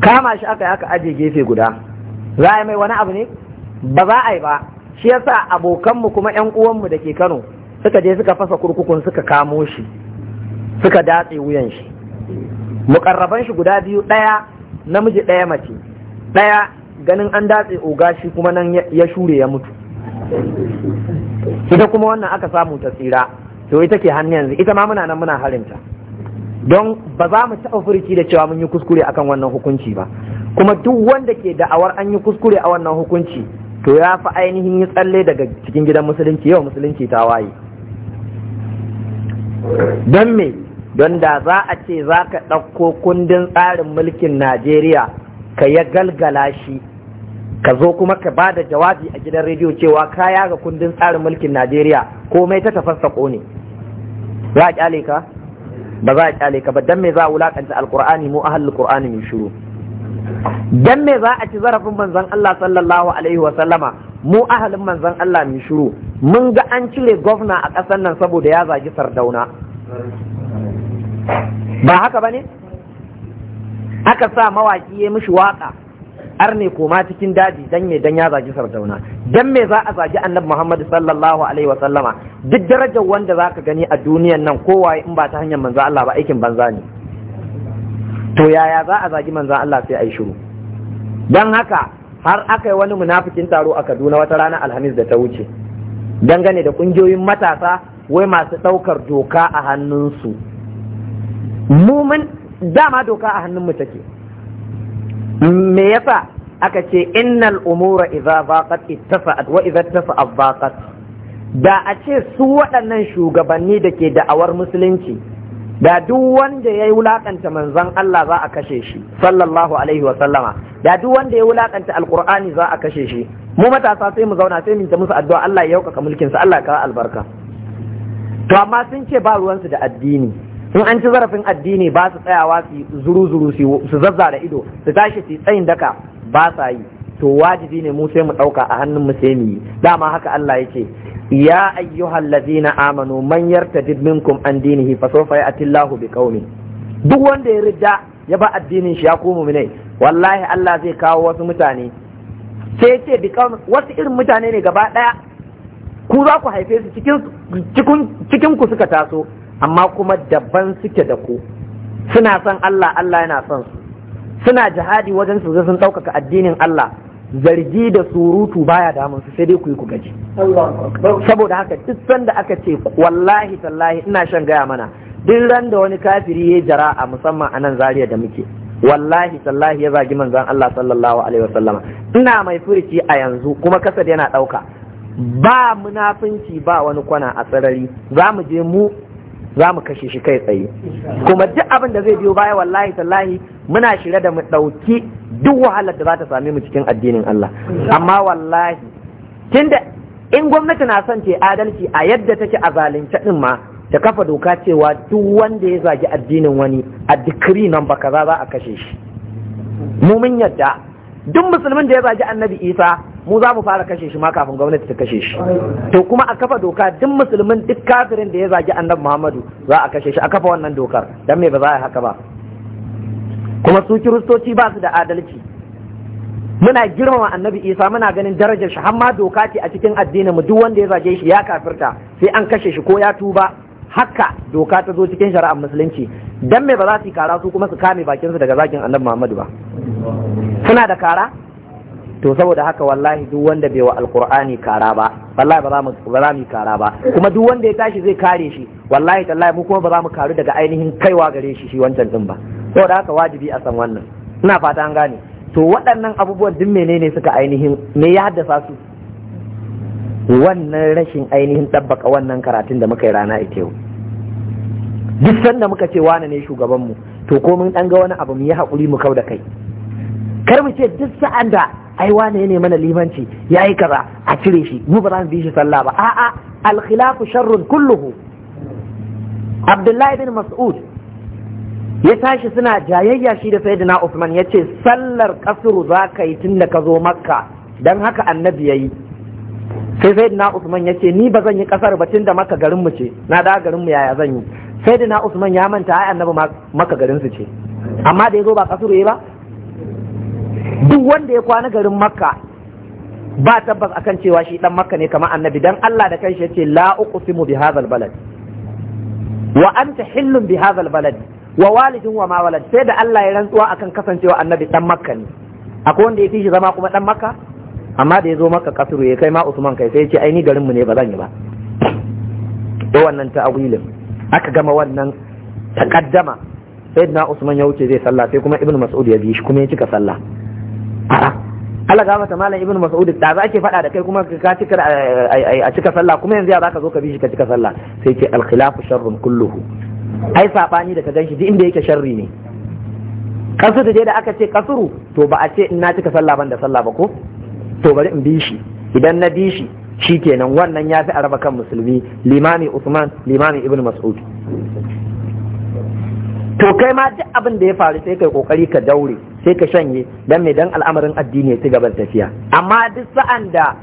kama shi aka yi aka ajiye gefe guda za a yi mai wani abu ne ba za a yi ba shi yasa abokanmu kuma yan uwanmu da ke kano suka je suka fasa kurkukun suka kamo shi suka datse wuyan shi mukarraban shi guda biyu ɗaya namiji ɗaya mace ɗaya ganin an datse oga shi kuma nan ya shure ya mutu ita kuma wannan aka samu ta tsira to ita ke hannu yanzu ita ma muna nan muna harinta don ba za mu taɓa furci da cewa mun yi kuskure akan wannan hukunci ba kuma duk wanda ke da'awar an yi kuskure a wannan hukunci to ya fi ainihin yi tsalle daga cikin gidan musulunci yau musulunci ta waye don me don da za a ce za ka ɗauko kundin tsarin mulkin najeriya ka ya galgala shi ka zo kuma ka ba da jawabi a gidan rediyo cewa kaya ga kundin tsarin mulkin najeriya komai ta sako ne za a kyale ka ba za a kyale ka ba dan me za a wulakanta alkur'ani mu ahlul qur'ani mu shuru? dan me za a ci zarafin manzon Allah sallallahu alaihi wa sallama mu ahalin manzon Allah mu shuru? mun ga an cire gwamna a ƙasar nan saboda ya zagi sardauna ba haka bane aka sa mawaki ya mishi waka ne koma cikin daji dan me dan ya zagi sardauna dan me za a zagi annabi Muhammad sallallahu alaihi wa sallama duk darajar wanda zaka gani a duniyan nan kowaye in ba ta hanyar manzo Allah ba aikin banza ne to yaya za a zagi manzo Allah sai ai shiru dan haka har aka yi wani munafikin taro a Kaduna wata rana Alhamis da ta wuce dangane da kungiyoyin matasa wai masu ɗaukar doka a hannunsu mu mun dama doka a hannun mu take me yasa aka ce innal umura idza zaqat ittafa'at wa idza ittafa'at zaqat da a ce su waɗannan shugabanni da ke da'awar musulunci da duk wanda ya yi wulakanta manzon Allah za a kashe shi sallallahu alaihi wa sallama da duk wanda ya wulakanta alqur'ani za a kashe shi mu matasa sai mu zauna sai mu ta musu addu'a Allah ya yauka mulkin sa Allah ya kawo albarka to amma sun ce ba ruwansu da addini in an ci zarafin addini ba su tsayawa su zuru zuru su zazza da ido su tashi su tsayin daka ba sa yi to wajibi ne mu sai mu ɗauka a hannun mu sai mu yi dama haka Allah yake ya ayyuhal ladina amanu man yartadid minkum an dinihi fa sawfa ya'ti Allahu bi duk wanda ya ridda ya ba addinin shi ya komo ne wallahi Allah zai kawo wasu mutane sai ce bi wasu irin mutane ne gaba daya ku za ku haife su cikin cikin ku suka taso amma kuma daban suke da ku suna son Allah Allah yana son su suna jihadi wajen su sun ɗaukaka addinin Allah zargi da surutu baya damun su sai dai ku yi ku gaji saboda haka duk sanda aka ce wallahi tallahi ina shan gaya mana duk ran da wani kafiri ya jara a musamman a nan zariya da muke wallahi tallahi ya zagi manzon Allah sallallahu alaihi wasallam ina mai furici a yanzu kuma kasar yana ɗauka ba munafunci ba wani kwana a sarari za mu je mu za mu kashe shi kai tsaye kuma duk abin da zai biyo baya wallahi tallahi muna shirye da mu ɗauki duk wahalar da za ta same mu cikin addinin Allah amma wallahi tunda in gwamnati na son ce adalci a yadda take a zalunce din ma ta kafa doka cewa duk wanda ya zagi addinin wani a dikri nan ba kaza za a kashe shi mu mun yadda duk musulmin da ya zagi annabi Isa mu za mu fara kashe shi ma kafin gwamnati ta kashe shi to kuma a kafa doka duk musulmin duk kafirin da ya zagi annabi muhammadu za a kashe shi a kafa wannan dokar dan me ba za a haka ba kuma su kiristoci ba su da adalci muna girmama annabi isa muna ganin darajar shi amma doka ce a cikin addinin mu duk wanda ya zage shi ya kafirta sai an kashe shi ko ya tuba haka doka ta zo cikin shari'ar musulunci dan me ba za su yi kara su kuma su kame bakin su daga zagin annabi muhammadu ba suna da kara to saboda haka wallahi duk wanda bai wa alqur'ani kara ba wallahi ba za mu ba za mu kara ba kuma duk wanda ya tashi zai kare shi wallahi tallahi mu kuma ba za mu karu daga ainihin kaiwa gare shi shi wancan din ba saboda haka wajibi a san wannan ina fata an gane to waɗannan abubuwan din menene suka ainihin me ya haddasa su wannan rashin ainihin tabbaka wannan karatun da muka yi rana ita yau duk sanda muka ce wane ne shugaban mu, to ko mun dan ga wani abu mu yi haƙuri mu kau da kai kar mu ce duk sa'an da ai wane ne mana limanci ya yi kaza a cire shi mu ba za mu bi shi sallah ba a'a al sharrun kulluhu Abdullahi bin Mas'ud ya tashi suna jayayya shi da Sayyidina Usman ya ce sallar kasuru za ka yi tun da ka zo Makka don haka annabi ya yi. sai Sayyidina Usman ya ce ni ba zan yi kasar ba tun da Makka garin ce na da garin yaya zan yi Sayyidina Usman ya manta ai annabi Makka garin ce amma da ya zo ba kasuru ba duk wanda ya kwana garin makka ba tabbas akan cewa shi dan makka ne kamar annabi dan Allah da kanshi yace la uqsimu bi hadha balad wa anta hillun bi hadha balad wa walidin wa ma walad sai da Allah ya rantsuwa akan kasancewa annabi dan makka ne akwai wanda ya fi shi zama kuma dan makka amma da ya zo makka kasuru ya kai ma Usman kai sai ya ce ai ni garin mu ne ba zan yi ba da wannan ta'awilin aka gama wannan takaddama sayyidina Usman ya wuce zai salla sai kuma Ibn Mas'ud ya bi shi kuma ya cika sallah a'a Allah ga mata malam ibnu mas'ud da za ke faɗa da kai kuma ka cika a cika sallah kuma yanzu ya zaka zo ka bi shi ka cika sallah sai ce al khilafu sharrun kulluhu ai sabani da ka ganshi duk inda yake sharri ne kasu da da aka ce kasuru to ba a ce in na cika sallah ban da sallah ba ko to bari in bi shi idan na bi shi kenan wannan ya fi araba kan musulmi limami Usman limami Ibn Mas'ud to kai ma duk abin da ya faru sai kai kokari ka daure sai ka shanye dan mai dan al'amarin addini ya ci gaban tafiya amma duk sa'an da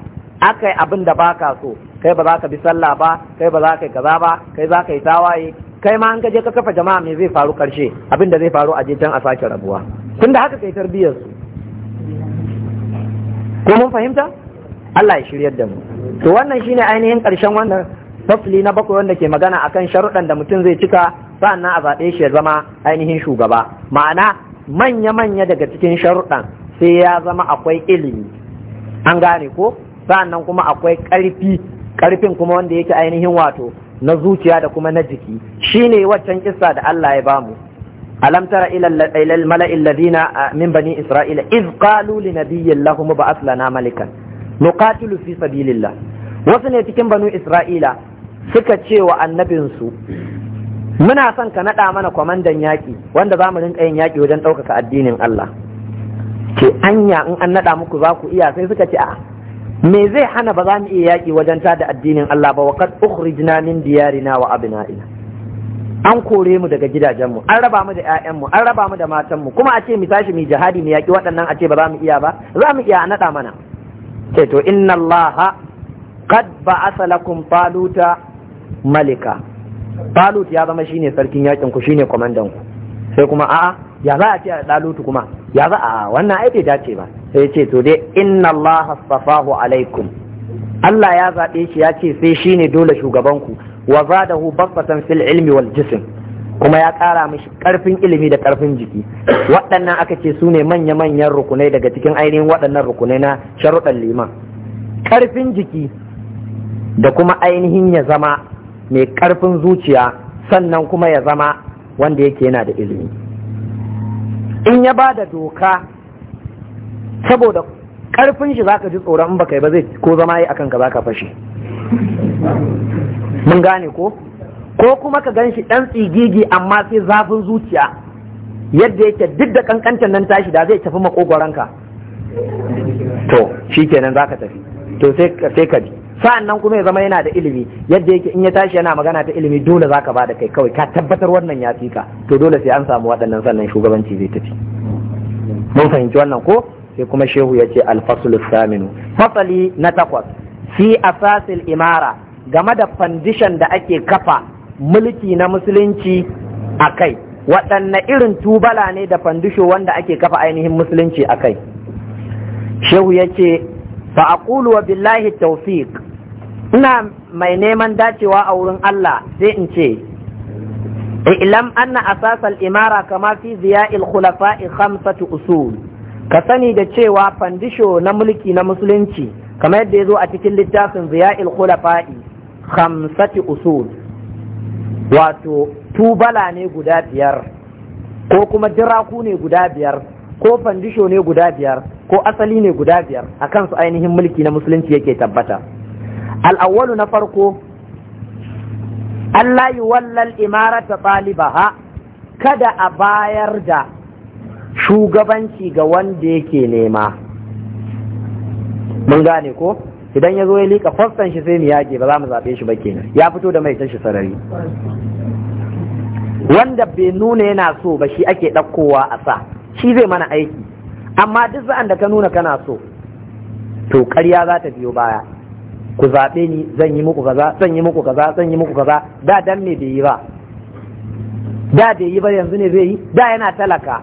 aka yi abin da baka so kai ba za ka bi sallah ba kai ba za ka yi kaza ba kai za ka yi tawaye kai ma an ka ka kafa jama'a mai zai faru karshe abin da zai faru a jitan a sake rabuwa tun da haka kai tarbiyyar su ko mun fahimta Allah ya shiryar da mu to wannan shine ainihin karshen wannan fasli na bakwai wanda ke magana akan sharuɗan da mutum zai cika sa'an nan a zaɓe shi ya zama ainihin shugaba ma'ana manya-manya daga cikin sharuɗan sai ya zama akwai ilimi an gane ko sannan kuma akwai ƙarfi ƙarfin kuma wanda yake ainihin wato na zuciya da kuma na jiki shine waccan kissa da Allah ya bamu alam tara ila ilal mala'il ladina min bani isra'ila iz qalu li nabiyyin lahum ba'ath lana malikan nuqatilu fi sabilillah wasu ne cikin banu isra'ila suka ce wa annabinsu muna son ka naɗa mana kwamandan yaƙi wanda za mu rinƙa yin yaƙi wajen ɗaukaka addinin Allah Ke anya in an naɗa muku za ku iya sai suka ce a me zai hana ba za mu iya yaƙi wajen tada addinin Allah ba waqad ukhrijna min diyarina wa abna'ina an kore mu daga gidajenmu an raba mu da 'ya'yanmu an raba mu da matanmu kuma a ce mu tashi mu jihadi mu yaƙi waɗannan a ce ba za mu iya ba za mu iya a naɗa mana ce to inna Allah qad ba'asa lakum taluta malika Balut ya zama shine sarkin yakin ku shine kwamandan ku sai kuma a'a ya za a ce a dalutu kuma ya za a wannan ai bai dace ba sai ya ce to dai inna Allah safahu alaikum Allah ya zaɓe shi ya ce sai shine dole shugaban ku wa zadahu basatan fil ilmi wal jism kuma ya ƙara mishi ƙarfin ilimi da ƙarfin jiki waɗannan aka ce su ne manya-manyan rukunai daga cikin ainihin waɗannan rukunai na sharuɗan liman ƙarfin jiki da kuma ainihin ya zama mai karfin zuciya sannan kuma ya zama wanda yake yana da ilimi in ya ba da doka saboda karfin shi zaka ji tsoron ba baka yi ba zai ko zama yi akan ka zaka fashe mun gane ko ko kuma ka gan shi ɗan tsigigi amma sai zafin zuciya yadda yake duk da kankancan nan tashi da zai tafi makogoranka to shi kenan za ka tafi to sai ka bi nan kuma ya zama yana da ilimi yadda yake in ya tashi yana magana ta ilimi dole zaka ba da kai kawai ka tabbatar wannan ya fika to dole sai an samu waɗannan sannan shugabanci zai tafi mun fahimci wannan ko sai kuma shehu ya ce alfasul saminu fasali na takwas fi asasil imara game da fandishan da ake kafa mulki na musulunci a kai waɗanne irin tubala ne da fandisho wanda ake kafa ainihin musulunci a kai shehu ya ce fa aqulu wa billahi tawfiq ina mai neman dacewa a wurin Allah sai in ce ilam anna asasal imara kama fi ziya'il khulafa'i khamsatu usul ka sani da cewa fandisho na mulki na musulunci kamar yadda ya zo a cikin littafin ziya'il khulafa'i khamsati usul wato tubala ne guda biyar ko kuma jiraku ne guda biyar ko fandisho ne guda biyar ko asali ne guda biyar a kansu ainihin mulki na musulunci yake tabbata al'awwalu na farko Allah yi wallal imarata ha kada a bayar da shugabanci ga wanda yake nema mun gane ko idan ya zo ya liƙa fostan shi sai mu yage ba za mu zaɓe shi ba kenan ya fito da mai shi sarari wanda bai nuna yana so ba shi ake ɗaukowa a sa shi zai mana aiki amma duk za'an da ka nuna kana so to ƙarya za ta biyo baya ku zaɓe ni zan yi muku kaza zan yi muku kaza zan yi muku kaza da dan me bai yi ba da bai yi ba yanzu ne zai yi da yana talaka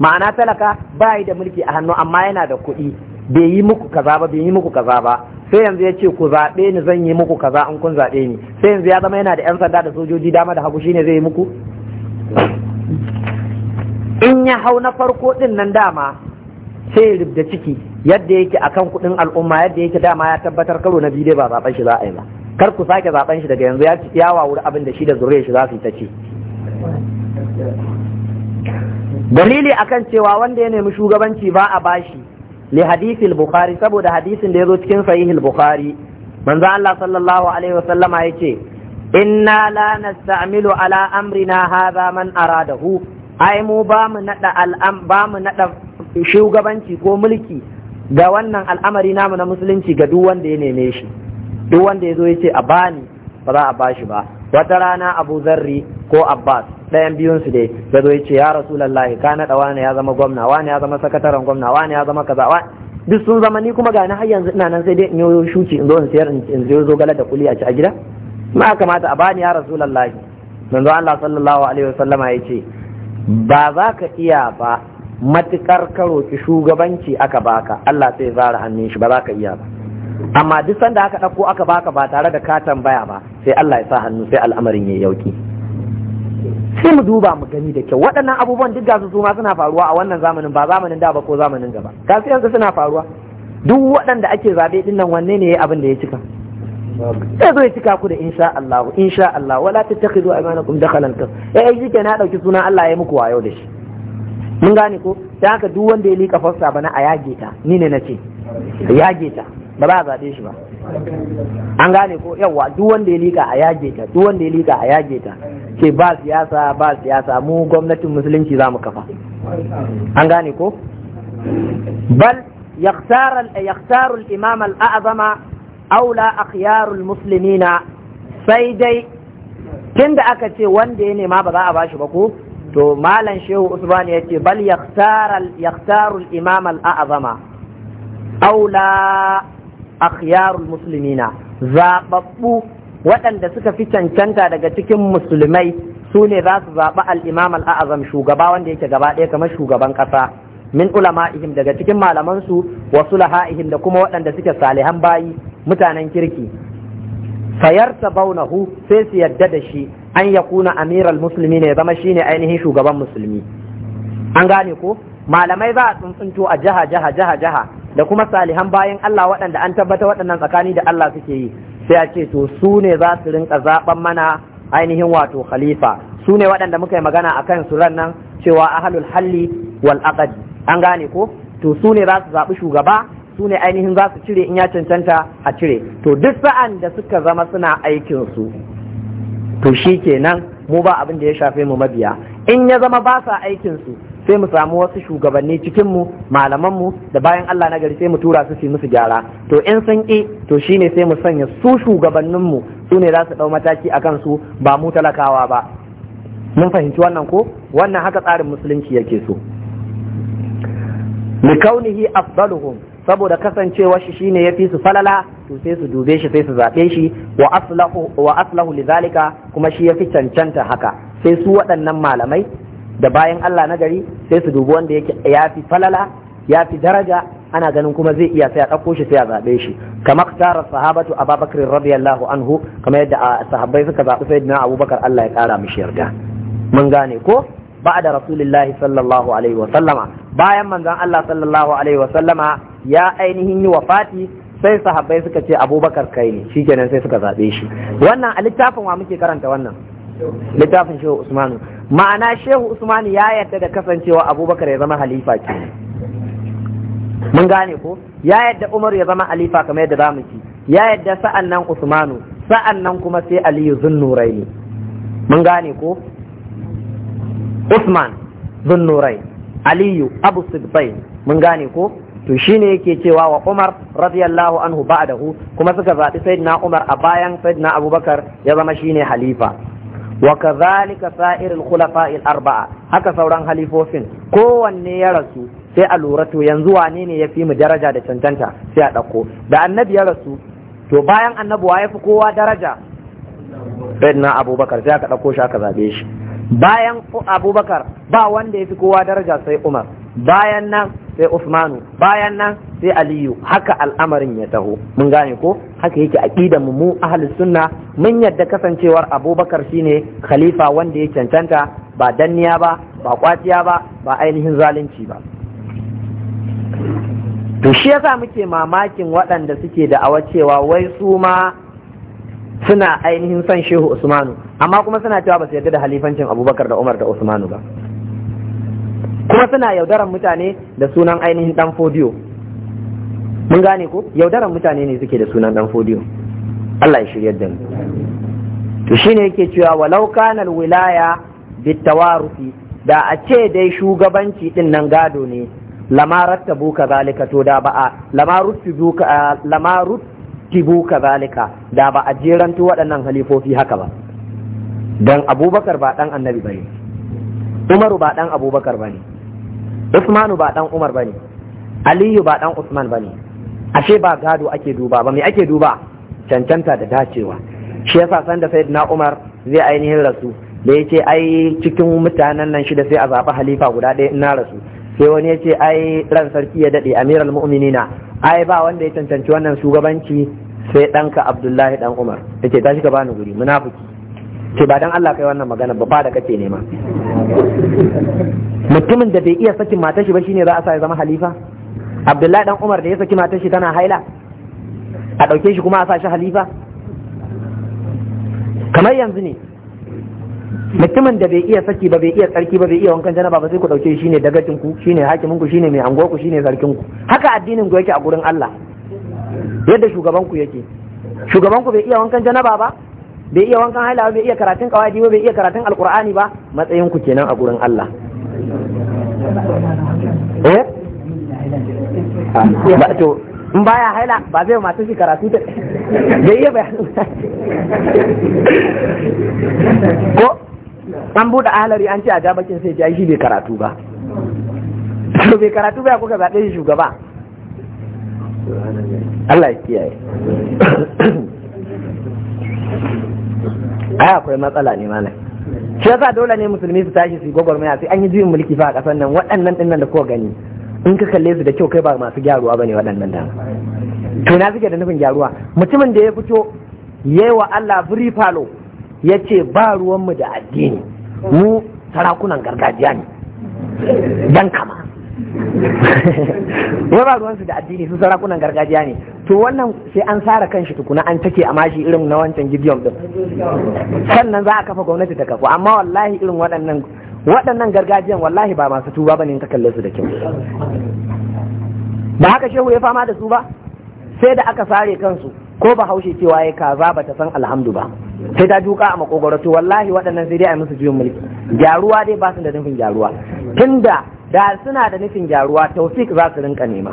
ma'ana talaka ba yi da mulki a hannu amma yana da kuɗi bai yi muku kaza ba bai yi muku kaza ba sai yanzu ya ce ku zaɓe ni zan yi muku kaza in kun zaɓe ni sai yanzu ya zama yana da 'yan sanda da sojoji dama da hagu shine zai yi muku in ya hau na farko din nan dama sai ya rubda ciki yadda yake akan kuɗin al'umma yadda yake dama ya tabbatar karo na biyu dai ba zaɓen shi za a yi ba kar ku sake zaɓen shi daga yanzu ya ci yawa wuri abin da shi da zuriyar shi za su yi ta ci dalili akan cewa wanda ya nemi shugabanci ba a bashi li al bukhari saboda hadisin da ya zo cikin al bukhari manzo Allah sallallahu alaihi wa sallama yace inna la nasta'milu ala amrina hadha man aradahu ai mu ba mu nada al'am ba mu nada shugabanci ko mulki ga wannan al'amari namu na musulunci ga duk wanda ya neme shi duk wanda ya zo ya ce a bani ba za a bashi ba wata rana Abu Zarri ko Abbas ɗayan biyun su dai ya zo ya ce ya Rasulullahi ka nada wani ya zama gwamna wani ya zama sakataren gwamna wani ya zama kaza duk sun zama ni kuma ga ni har yanzu ina nan sai dai in yoyo shuci in zo in sayar in zo zogale da kuli a ci a gida ma kamata a bani ya Rasulullahi manzo Allah sallallahu alaihi wasallama ya ce ba za ka iya ba matuƙar ka roki shugabanci aka baka Allah sai zara hannun shi ba za ka iya ba amma duk sanda aka ɗauko aka baka ba tare da ka tambaya ba sai Allah ya sa hannu sai al'amarin ya yauki sai mu duba mu gani da kyau waɗannan abubuwan duk gasu suma suna faruwa a wannan zamanin ba zamanin da ba ko zamanin gaba gasu yanzu suna faruwa duk waɗanda ake zaɓe ɗin nan wanne ne ya abin da ya cika sai zo ya cika ku da insha Allah insha Allah wala tattakhidu aymanakum dakhalan kas eh ai eh, jike na dauki sunan Allah ya muku wayo da shi mun gane ko dan haka duk wanda ya lika fassa bana a yage ta ni ne nace yage ta ba za a zaɓe shi ba an gane ko yawa duk wanda ya lika a yage ta duk wanda ya lika a yage ta ce ba siyasa ba siyasa mu gwamnatin musulunci za mu kafa an gane ko bal Yaktarul imam al'azama aula akhyarul muslimina sai dai da aka ce wanda ya nema ba za a bashi ba ko to malam shehu usman ya ce bal yaktarul imam al'azama aula akhyarul muslimina zababbu waɗanda suka fi cancanta daga cikin musulmai su ne za su zaɓi al'imam al'azam shugaba wanda yake gaba ɗaya kamar shugaban ƙasa min ulama'ihim daga cikin malamansu wa sulaha'ihim da kuma waɗanda suke salihan bayi mutanen kirki fayarta baunahu sai su yadda da shi an ya kuna amiral musulmi ne zama shine ainihin shugaban musulmi an gane ko malamai za a tsuntsunto a jaha jaha jaha jaha da kuma salihan bayan Allah waɗanda an tabbata waɗannan tsakani da Allah suke yi sai a ce to su ne za su rinka zaɓan mana ainihin wato khalifa su ne waɗanda muka yi magana a kan su ran nan cewa ahalul halli wal aqdi an gane ko to su ne za su zaɓi shugaba su ne ainihin za su cire in ya cancanta a cire to duk sa'an da suka zama suna aikin su to shi kenan mu ba abin da ya shafe mu mabiya in ya zama ba sa aikin su sai mu samu wasu shugabanni cikin mu malaman mu da bayan Allah na gari sai mu tura su su musu gyara to in san ki to shine sai mu sanya su shugabannin mu su ne za su dau mataki akan su ba mu talakawa ba mun fahimci wannan ko wannan haka tsarin musulunci yake so li kaunihi afdaluhum saboda kasancewa shi shine yafi su falala to sai su dube shi sai su zabe shi wa aslahu wa aslahu lidhalika kuma shi yafi cancanta haka sai su waɗannan malamai da bayan Allah na gari sai su dubi wanda yake yafi falala yafi daraja ana ganin kuma zai iya sai a ɗauko shi sai a zaɓe shi kamar tsara sahabatu ababakar radiyallahu anhu kamar yadda ah, sahabbai suka zaɓi sayyidina abubakar Allah ya ƙara mishi yarda mun gane ko ba'da rasulillahi sallallahu alaihi wa sallama bayan manzon Allah sallallahu alaihi wa sallama ya ainihin yi wafati sai sahabbai suka ce abubakar kai ne shikenan sai suka zaɓe shi wannan a littafin wa muke karanta wannan littafin shehu usmanu ma'ana shehu usmanu ya yarda da kasancewa abubakar ya zama halifa ke mun gane ko ya yarda umar ya zama halifa kamar yadda zamu ci ya yarda sa'an nan usmanu sa'an nan kuma sai aliyu zunnurai ne mun gane ko usman zunnurai aliyu abu sidbain mun gane ko to shine yake cewa wa umar radiyallahu anhu ba'dahu kuma suka zaɓi sayyidina umar a bayan sayyidina abubakar ya zama shine halifa wa kadhalika sa'ir al-khulafa al-arba'a haka sauran halifofin kowanne ya rasu sai a lura to yanzu wane ne ya mu daraja da cancanta sai a ɗauko da annabi ya rasu to bayan annabi wa ya fi kowa daraja sayyidina abubakar sai aka ɗauko shi aka zaɓe shi bayan abubakar ba wanda ya fi kowa daraja sai umar bayan nan sai usmanu bayan nan sai aliyu haka al'amarin ya taho mun gane ko haka yake aqidar mu ahli sunna mun yadda kasancewar abubakar shine khalifa wanda ya cancanta ba danniya ba ba kwaciya ba ba ainihin zalunci ba to shi yasa muke mamakin waɗanda suke da awa cewa wai su ma suna ainihin son shehu usmanu amma kuma suna cewa ba su yarda da halifancin abubakar da umar da usmanu ba kuma suna yaudaran mutane da sunan ainihin dan fodiyo mun gane ko yaudaran mutane ne suke da sunan dan fodiyo Allah ya shirya da mu to shine yake cewa walau kana wilaya bitawarufi da a ce dai shugabanci din nan gado ne lama rattabu zalika to da ba a lama ruttibu lama da ba a jerantu waɗannan halifofi haka ba dan abubakar ba dan annabi bane umaru ba dan abubakar bane usmanu ba dan umar bane aliyu ba dan usman bane ashe ba gado ake duba ba me ake duba cancanta da dacewa shi yasa sanda sayyidina umar zai ainihin rasu da ya ce ai cikin mutanen nan shida sai a zaɓi halifa guda ɗaya na rasu sai wani ya ce ai ran sarki ya daɗe amiral mu'minina ai ba wanda ya cancanci wannan shugabanci sai danka abdullahi ɗan umar ya tashi ka bani guri munafiki ce ba dan Allah kai wannan magana ba Ba da kake nema mutumin da bai iya sakin matar shi ba shine za a sa ya zama halifa Abdullahi dan Umar da ya saki matar shi tana haila a dauke shi kuma a sa shi halifa kamar yanzu ne mutumin da bai iya saki ba bai iya tsarki ba bai iya wankan janaba ba sai ku dauke shi ne dagacin ku shine hakimin ku shine mai anguwa ku shine sarkin ku haka addinin ku yake a gurin Allah yadda shugaban ku yake shugaban ku bai iya wankan janaba ba bai iya wankan haila bai iya karatun kawai ba bai iya karatun alkur'ani ba matsayin ku kenan a gurin Allah eh ah, ba to in baya haila ba zai mata shi karatu ta bai iya bayanin ko an buɗe ahalari an ce a gabakin sai ya shi bai karatu ba to bai karatu ba kuka zaɓe shi shugaba Allah ya kiyaye ai akwai matsala ne malai shi yasa dole ne musulmi su tashi su yi gwagwarmaya sai an yi juyin mulki fa a ƙasar nan waɗannan ɗin da kowa gani in ka kalle su da kyau kai ba masu gyaruwa bane waɗannan da to na suke da nufin gyaruwa mutumin da ya fito ya yi wa Allah buri falo ya ce ba ruwanmu da addini mu sarakunan gargajiya ne dan kama wai ba ruwansu da addini su sarakunan gargajiya ne to wannan sai an kan shi tukuna an take a mashi irin na wancan gidiyon din sannan za a kafa gwamnati ta kafu amma wallahi irin waɗannan waɗannan gargajiyan wallahi ba masu tuba bane ka kalle su da kyau ba haka shehu ya fama da su ba sai da aka sare kansu ko ba haushe cewa ya kaza ba ta san alhamdu ba sai ta duka a makogoro to wallahi waɗannan sai dai a musu juyin mulki gyaruwa dai ba su da nufin gyaruwa tunda da suna da nufin gyaruwa tausik za su rinka nema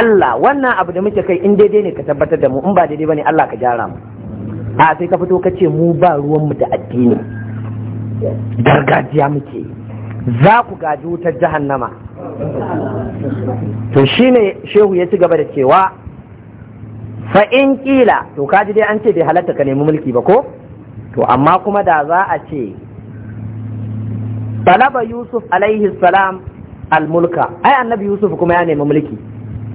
Allah wannan abu da muke kai in daidai ne ka tabbatar da mu in ba daidai bane Allah ka gyara mu a sai ka fito ka ce mu ba ruwan mu da addini gargajiya muke za ku gaji wutar jahannama to shine shehu ya ci gaba da cewa fa in kila to kaji dai an ce bai halatta ka nemi mulki ba ko to amma kuma da za a ce balaba yusuf alaihi salam almulka ai annabi yusuf kuma ya nemi mulki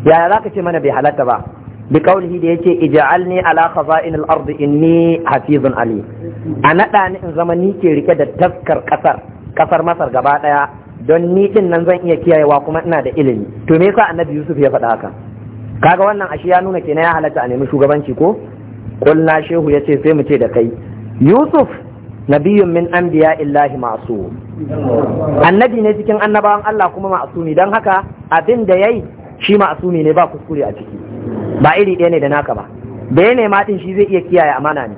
yaya ka ce mana bai halatta ba bi kaulihi da yace ij'alni ala khaza'in al-ardi inni hafizun ali a nada ni in zama ni ke rike da taskar kasar kasar masar gaba daya don ni din nan zan iya kiyayewa kuma ina da ilimi to me yasa annabi yusuf ya faɗa haka kaga wannan ashe ya nuna kenan ya halatta a nemi shugabanci ko kulna shehu yace sai mu ce da kai yusuf nabiyyun min biya illahi masu annabi ne cikin annabawan Allah kuma ma'asumi don haka abin da yayi shi ma'asumi ne ba kuskure a ciki ba iri ɗaya ne da naka ba da ya nema din shi zai iya kiyaye amana ne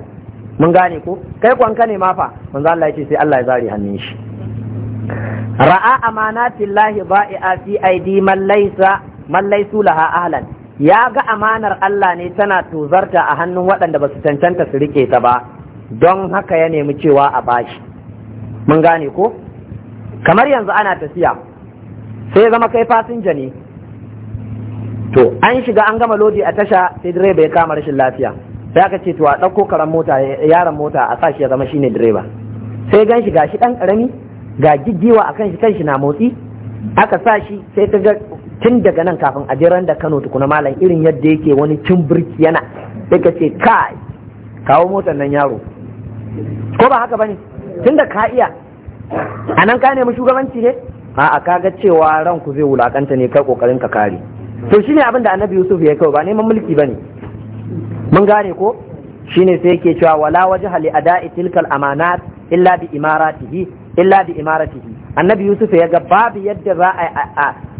mun gane ko kai kwanka ne ma fa Allah ya ce sai Allah ya zare hannun shi ra'a amanatillahi ba'i'a fi aidi man laysa man laysu laha ahlan ya ga amanar Allah ne tana tozarta a hannun waɗanda ba su cancanta su rike ta ba don haka ya nemi cewa a bashi mun gane ko kamar yanzu ana tafiya sai zama kai fasinja ne to an shiga an gama lodi a tasha sai direba ya kama rashin lafiya sai aka ce to a ɗauko karan mota yaron mota a sashi ya zama shine direba sai gan shi gashi ɗan ƙarami ga giggiwa a kanshi shi na motsi aka sa shi sai ta ga tun daga nan kafin a jiran da Kano tukuna malam irin yadda yake wani cin birki yana sai ka ce kai kawo motar nan yaro ko ba haka bane tunda ka iya a nan ka nemi shugabanci ne a ka ga cewa ranku zai wulakanta ne kai kokarin ka kare to shine abin da annabi yusuf ya kai ba neman mulki bane mun gane ko shine sai yake cewa wala wajha li ada'i tilkal amanat illa bi imaratihi illa bi imaratihi annabi yusuf ya ga babu yadda za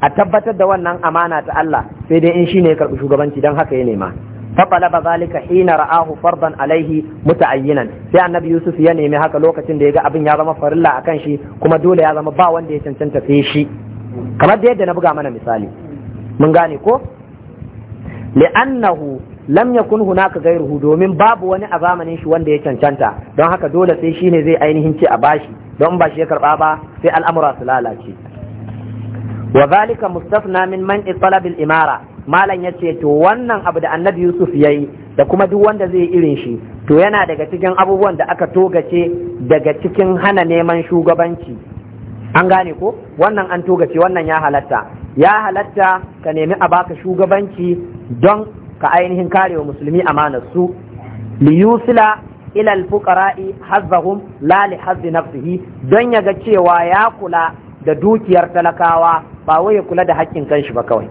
a tabbatar da wannan amana ta Allah sai dai in shine ya karbi shugabanci dan haka ya nema fatalaba zalika hina ra'ahu fardan alaihi muta'ayyinan sai annabi yusuf ya nemi haka lokacin da ya ga abin ya zama farilla akan shi kuma dole ya zama ba wanda ya cancanta sai shi kamar da yadda na buga mana misali mun gane ko li'annahu lam yakun hunaka gairuhu domin babu wani a zamanin shi wanda ya cancanta don haka dole sai shine zai ainihin ce a bashi don ba shi ya karba ba sai al'amura su lalace wa zalika mustafna min man talab imara malam ya ce to wannan abu da annabi yusuf ya yi da kuma duk wanda zai irin shi to yana daga cikin abubuwan da aka togace daga cikin hana neman shugabanci an gane ko wannan an togace wannan ya halatta ya halatta ka nemi a baka shugabanci don ka ainihin kare wa musulmi amanar su liyusila ila alfuqara'i hazzahum la li hazzi nafsihi don ya ga cewa ya kula da dukiyar talakawa ba wai ya kula da haƙƙin kanshi ba kawai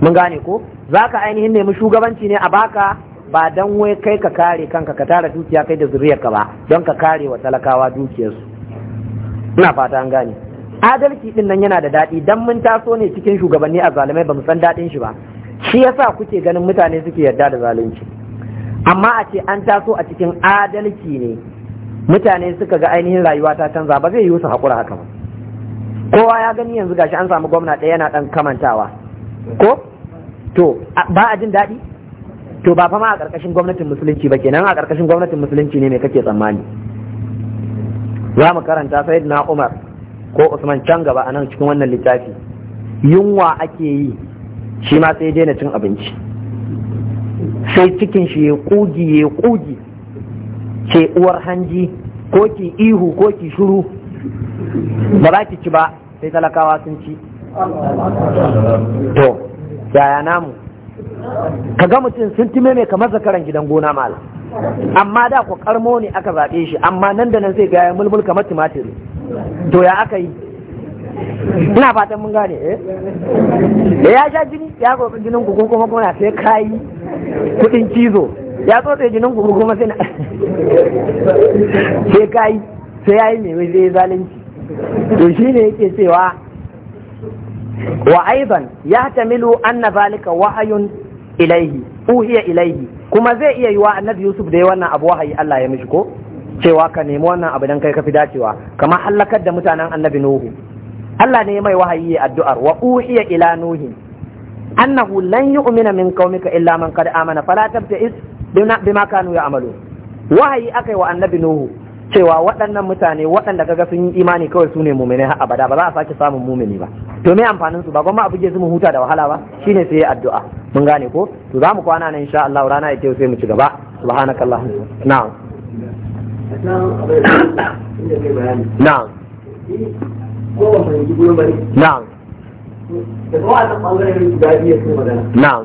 mun gane ko za ka ainihin nemi shugabanci ne a baka ba dan wai kai ka kare kanka ka tara dukiya kai da zuriyarka ba don ka kare wa talakawa dukiyarsu ina fata an gane adalci din nan yana da daɗi don mun taso ne cikin shugabanni a zalimai ba mu san daɗin shi ba shi yasa kuke ganin mutane suke yarda da zalunci amma a ce an taso a cikin adalci ne mutane suka ga ainihin rayuwa ta canza ba zai yi su haƙura haka ba kowa ya gani yanzu gashi an samu gwamna ɗaya yana ɗan kamantawa ko to ba a jin daɗi to ba fa ma a ƙarƙashin gwamnatin musulunci ba kenan a ƙarƙashin gwamnatin musulunci ne mai kake tsammani za mu karanta sai na umar ko usman can gaba a nan cikin wannan littafi yunwa ake yi shi ma sai daina cin abinci sai cikin shi ya ƙugi ya ƙugi ce uwar hanji ko ki ihu ko ki shuru ba za ki ci ba sai talakawa sun ci to yaya namu ka ga mutum sun time mai kamar zakaran gidan gona mala amma da ku karmo ne aka zaɓe shi amma nan da nan sai ga ya mulmul kamar tumatir to ya aka yi ina fatan mun gane eh ya sha jini ya gobe jinin ku kuma kuma sai kai kudin cizo ya zo sai jinin ku kuma sai sai kai sai yayi mai wai zai zalunci to shine yake cewa wa يحتمل yahtamilu ذلك وحي wahayun ilaihi uhiya ilaihi kuma zai iya yiwa annabi yusuf da ya wannan abu wahayi Allah ya mishi ko cewa ka nemi wannan abu dan kai ka fi dacewa kamar halakar da mutanen annabi nuhu Allah ne mai wahayi addu'ar wa uhiya ila nuhi annahu lan yu'mina min qaumika illa man qad amana fala tabta'is bima kanu ya'malu wahayi akai wa annabi nuhu cewa waɗannan mutane waɗanda kaga sun yi imani kawai su ne mumini har abada ba za a sake samun mumini ba to me amfanin su ba gwamma a su mu huta da wahala ba shine sai addu'a mun gane ko to za mu kwana nan insha Allah rana ita sai mu ci gaba subhanakallah na'am na'am na'am da kuma a nan ɓangaren guda biyu su magana na'am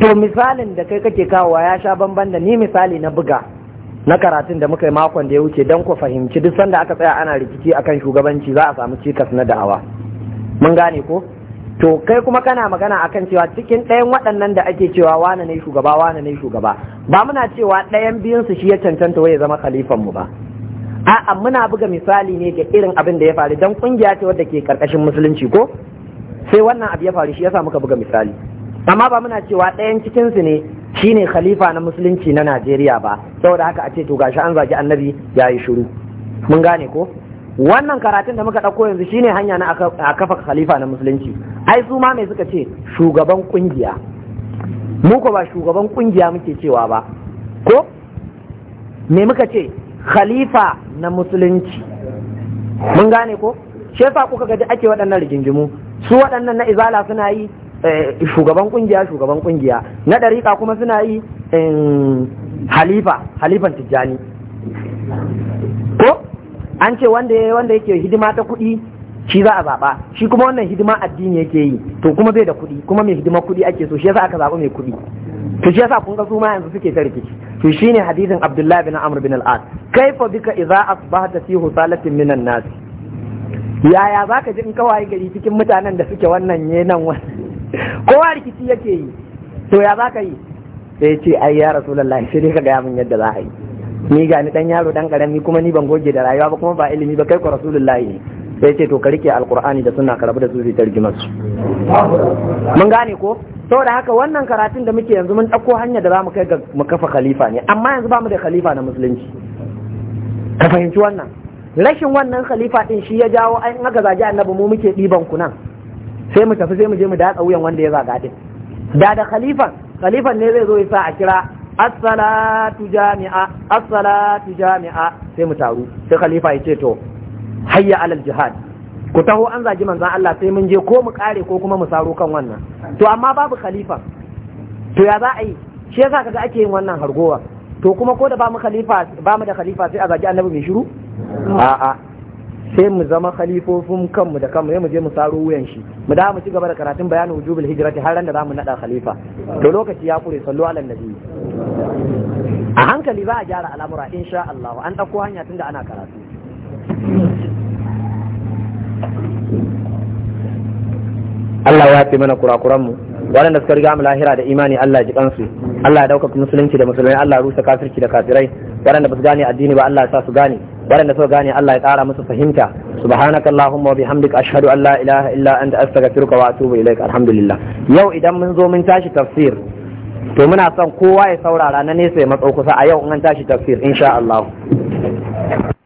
to misalin da kai kake kawowa ya sha bamban da ni misali na buga na karatun da muka yi makon da ya wuce don ku fahimci duk sanda aka tsaya ana rikici akan shugabanci za a samu cikas na da'awa mun gane ko to kai kuma kana magana akan cewa cikin ɗayan waɗannan da ake cewa wane ne shugaba wane ne shugaba ba muna cewa ɗayan biyun su shi ya cancanta wai ya zama khalifan mu ba a'a muna buga misali ne ga irin abin da ya faru dan kungiya ce wadda ke karkashin musulunci ko sai wannan abu ya faru shi yasa muka buga misali amma ba muna cewa ɗayan cikin su ne shine khalifa na musulunci na Najeriya ba saboda haka a ce to gashi an zagi annabi yayi shiru mun gane ko wannan karatun da muka ɗauko yanzu shine hanya na a kafa khalifa na musulunci ai su ma mai suka ce shugaban kungiya mu ko ba shugaban kungiya muke cewa ba ko me muka ce khalifa na musulunci mun gane ko shi yasa kuka gaji ake waɗannan rigingimu su waɗannan na izala suna yi eh, shugaban kungiya shugaban kungiya na ɗariƙa kuma suna yi eh, halifa halifan tijjani ko an ce wanda wanda yake hidima ta kuɗi shi za a zaɓa shi kuma wannan hidima addini yake yi to kuma bai da kuɗi kuma mai hidima kuɗi ake so shi yasa aka zaɓa mai kuɗi to shi yasa kun ga su ma yanzu suke ta rikici to shine hadisin Abdullahi bin Amr bin al-As kaifa bika idza asbahta fi husalatin minan nas yaya zaka ji in ka waye gari cikin mutanen da suke wannan ye nan kowa rikici yake yi to ya zaka yi sai ce ai ya rasulullahi sai dai ka ga min yadda za a yi ni ga ni dan yaro dan karami kuma ni ban goge da rayuwa ba kuma ba ilimi ba kai ku rasulullahi ne sai ce to ka rike alqur'ani da sunna ka rabu da su zai tarjima su mun gane ko saboda haka wannan karatun da muke yanzu mun ɗauko hanyar da za mu kai ga mu kafa khalifa ne amma yanzu ba mu da khalifa na musulunci ka fahimci wannan rashin wannan khalifa din shi ya jawo an aka zagi annabi mu muke ɗiban ku nan sai mu tafi sai mu je mu datsa wuyan wanda ya zaga din da da khalifan khalifan ne zai zo ya sa a kira as-salatu jami'a as jami'a sai mu taru sai khalifa ya ce to hayya alal jihad ku taho an zagi manzon Allah sai mun je ko mu kare ko kuma mu saro kan wannan to amma babu khalifa to ya za a yi shi yasa kaga ake yin wannan hargowa to kuma ko da ba mu khalifa ba mu da khalifa sai a zaki annabi mai shiru a'a sai mu zama khalifofin kanmu da kanmu sai mu je mu saro wuyan shi mu da mu ci gaba da karatun bayanin wujubul hijrati har ran da zamu nada khalifa to lokaci ya kure sallu ala nabi a hankali za a gyara al'amura insha Allah an dauko hanya tunda ana karatu Allah ya fi mana kurakuran mu waɗanda suka riga mu lahira da imani Allah ji kansu Allah ya ɗaukaka musulunci da musulmai Allah rusa kafirci da kafirai waɗanda ba su gane addini ba Allah ya sa su gane waɗanda suka gane Allah ya ƙara musu fahimta subhanaka allahumma wa bihamdika ashhadu an la ilaha illa anta astaghfiruka wa atubu ilaik alhamdulillah yau idan mun zo mun tashi tafsir to muna son kowa ya saurara na nesa ya matso kusa a yau in an tashi tafsir insha Allah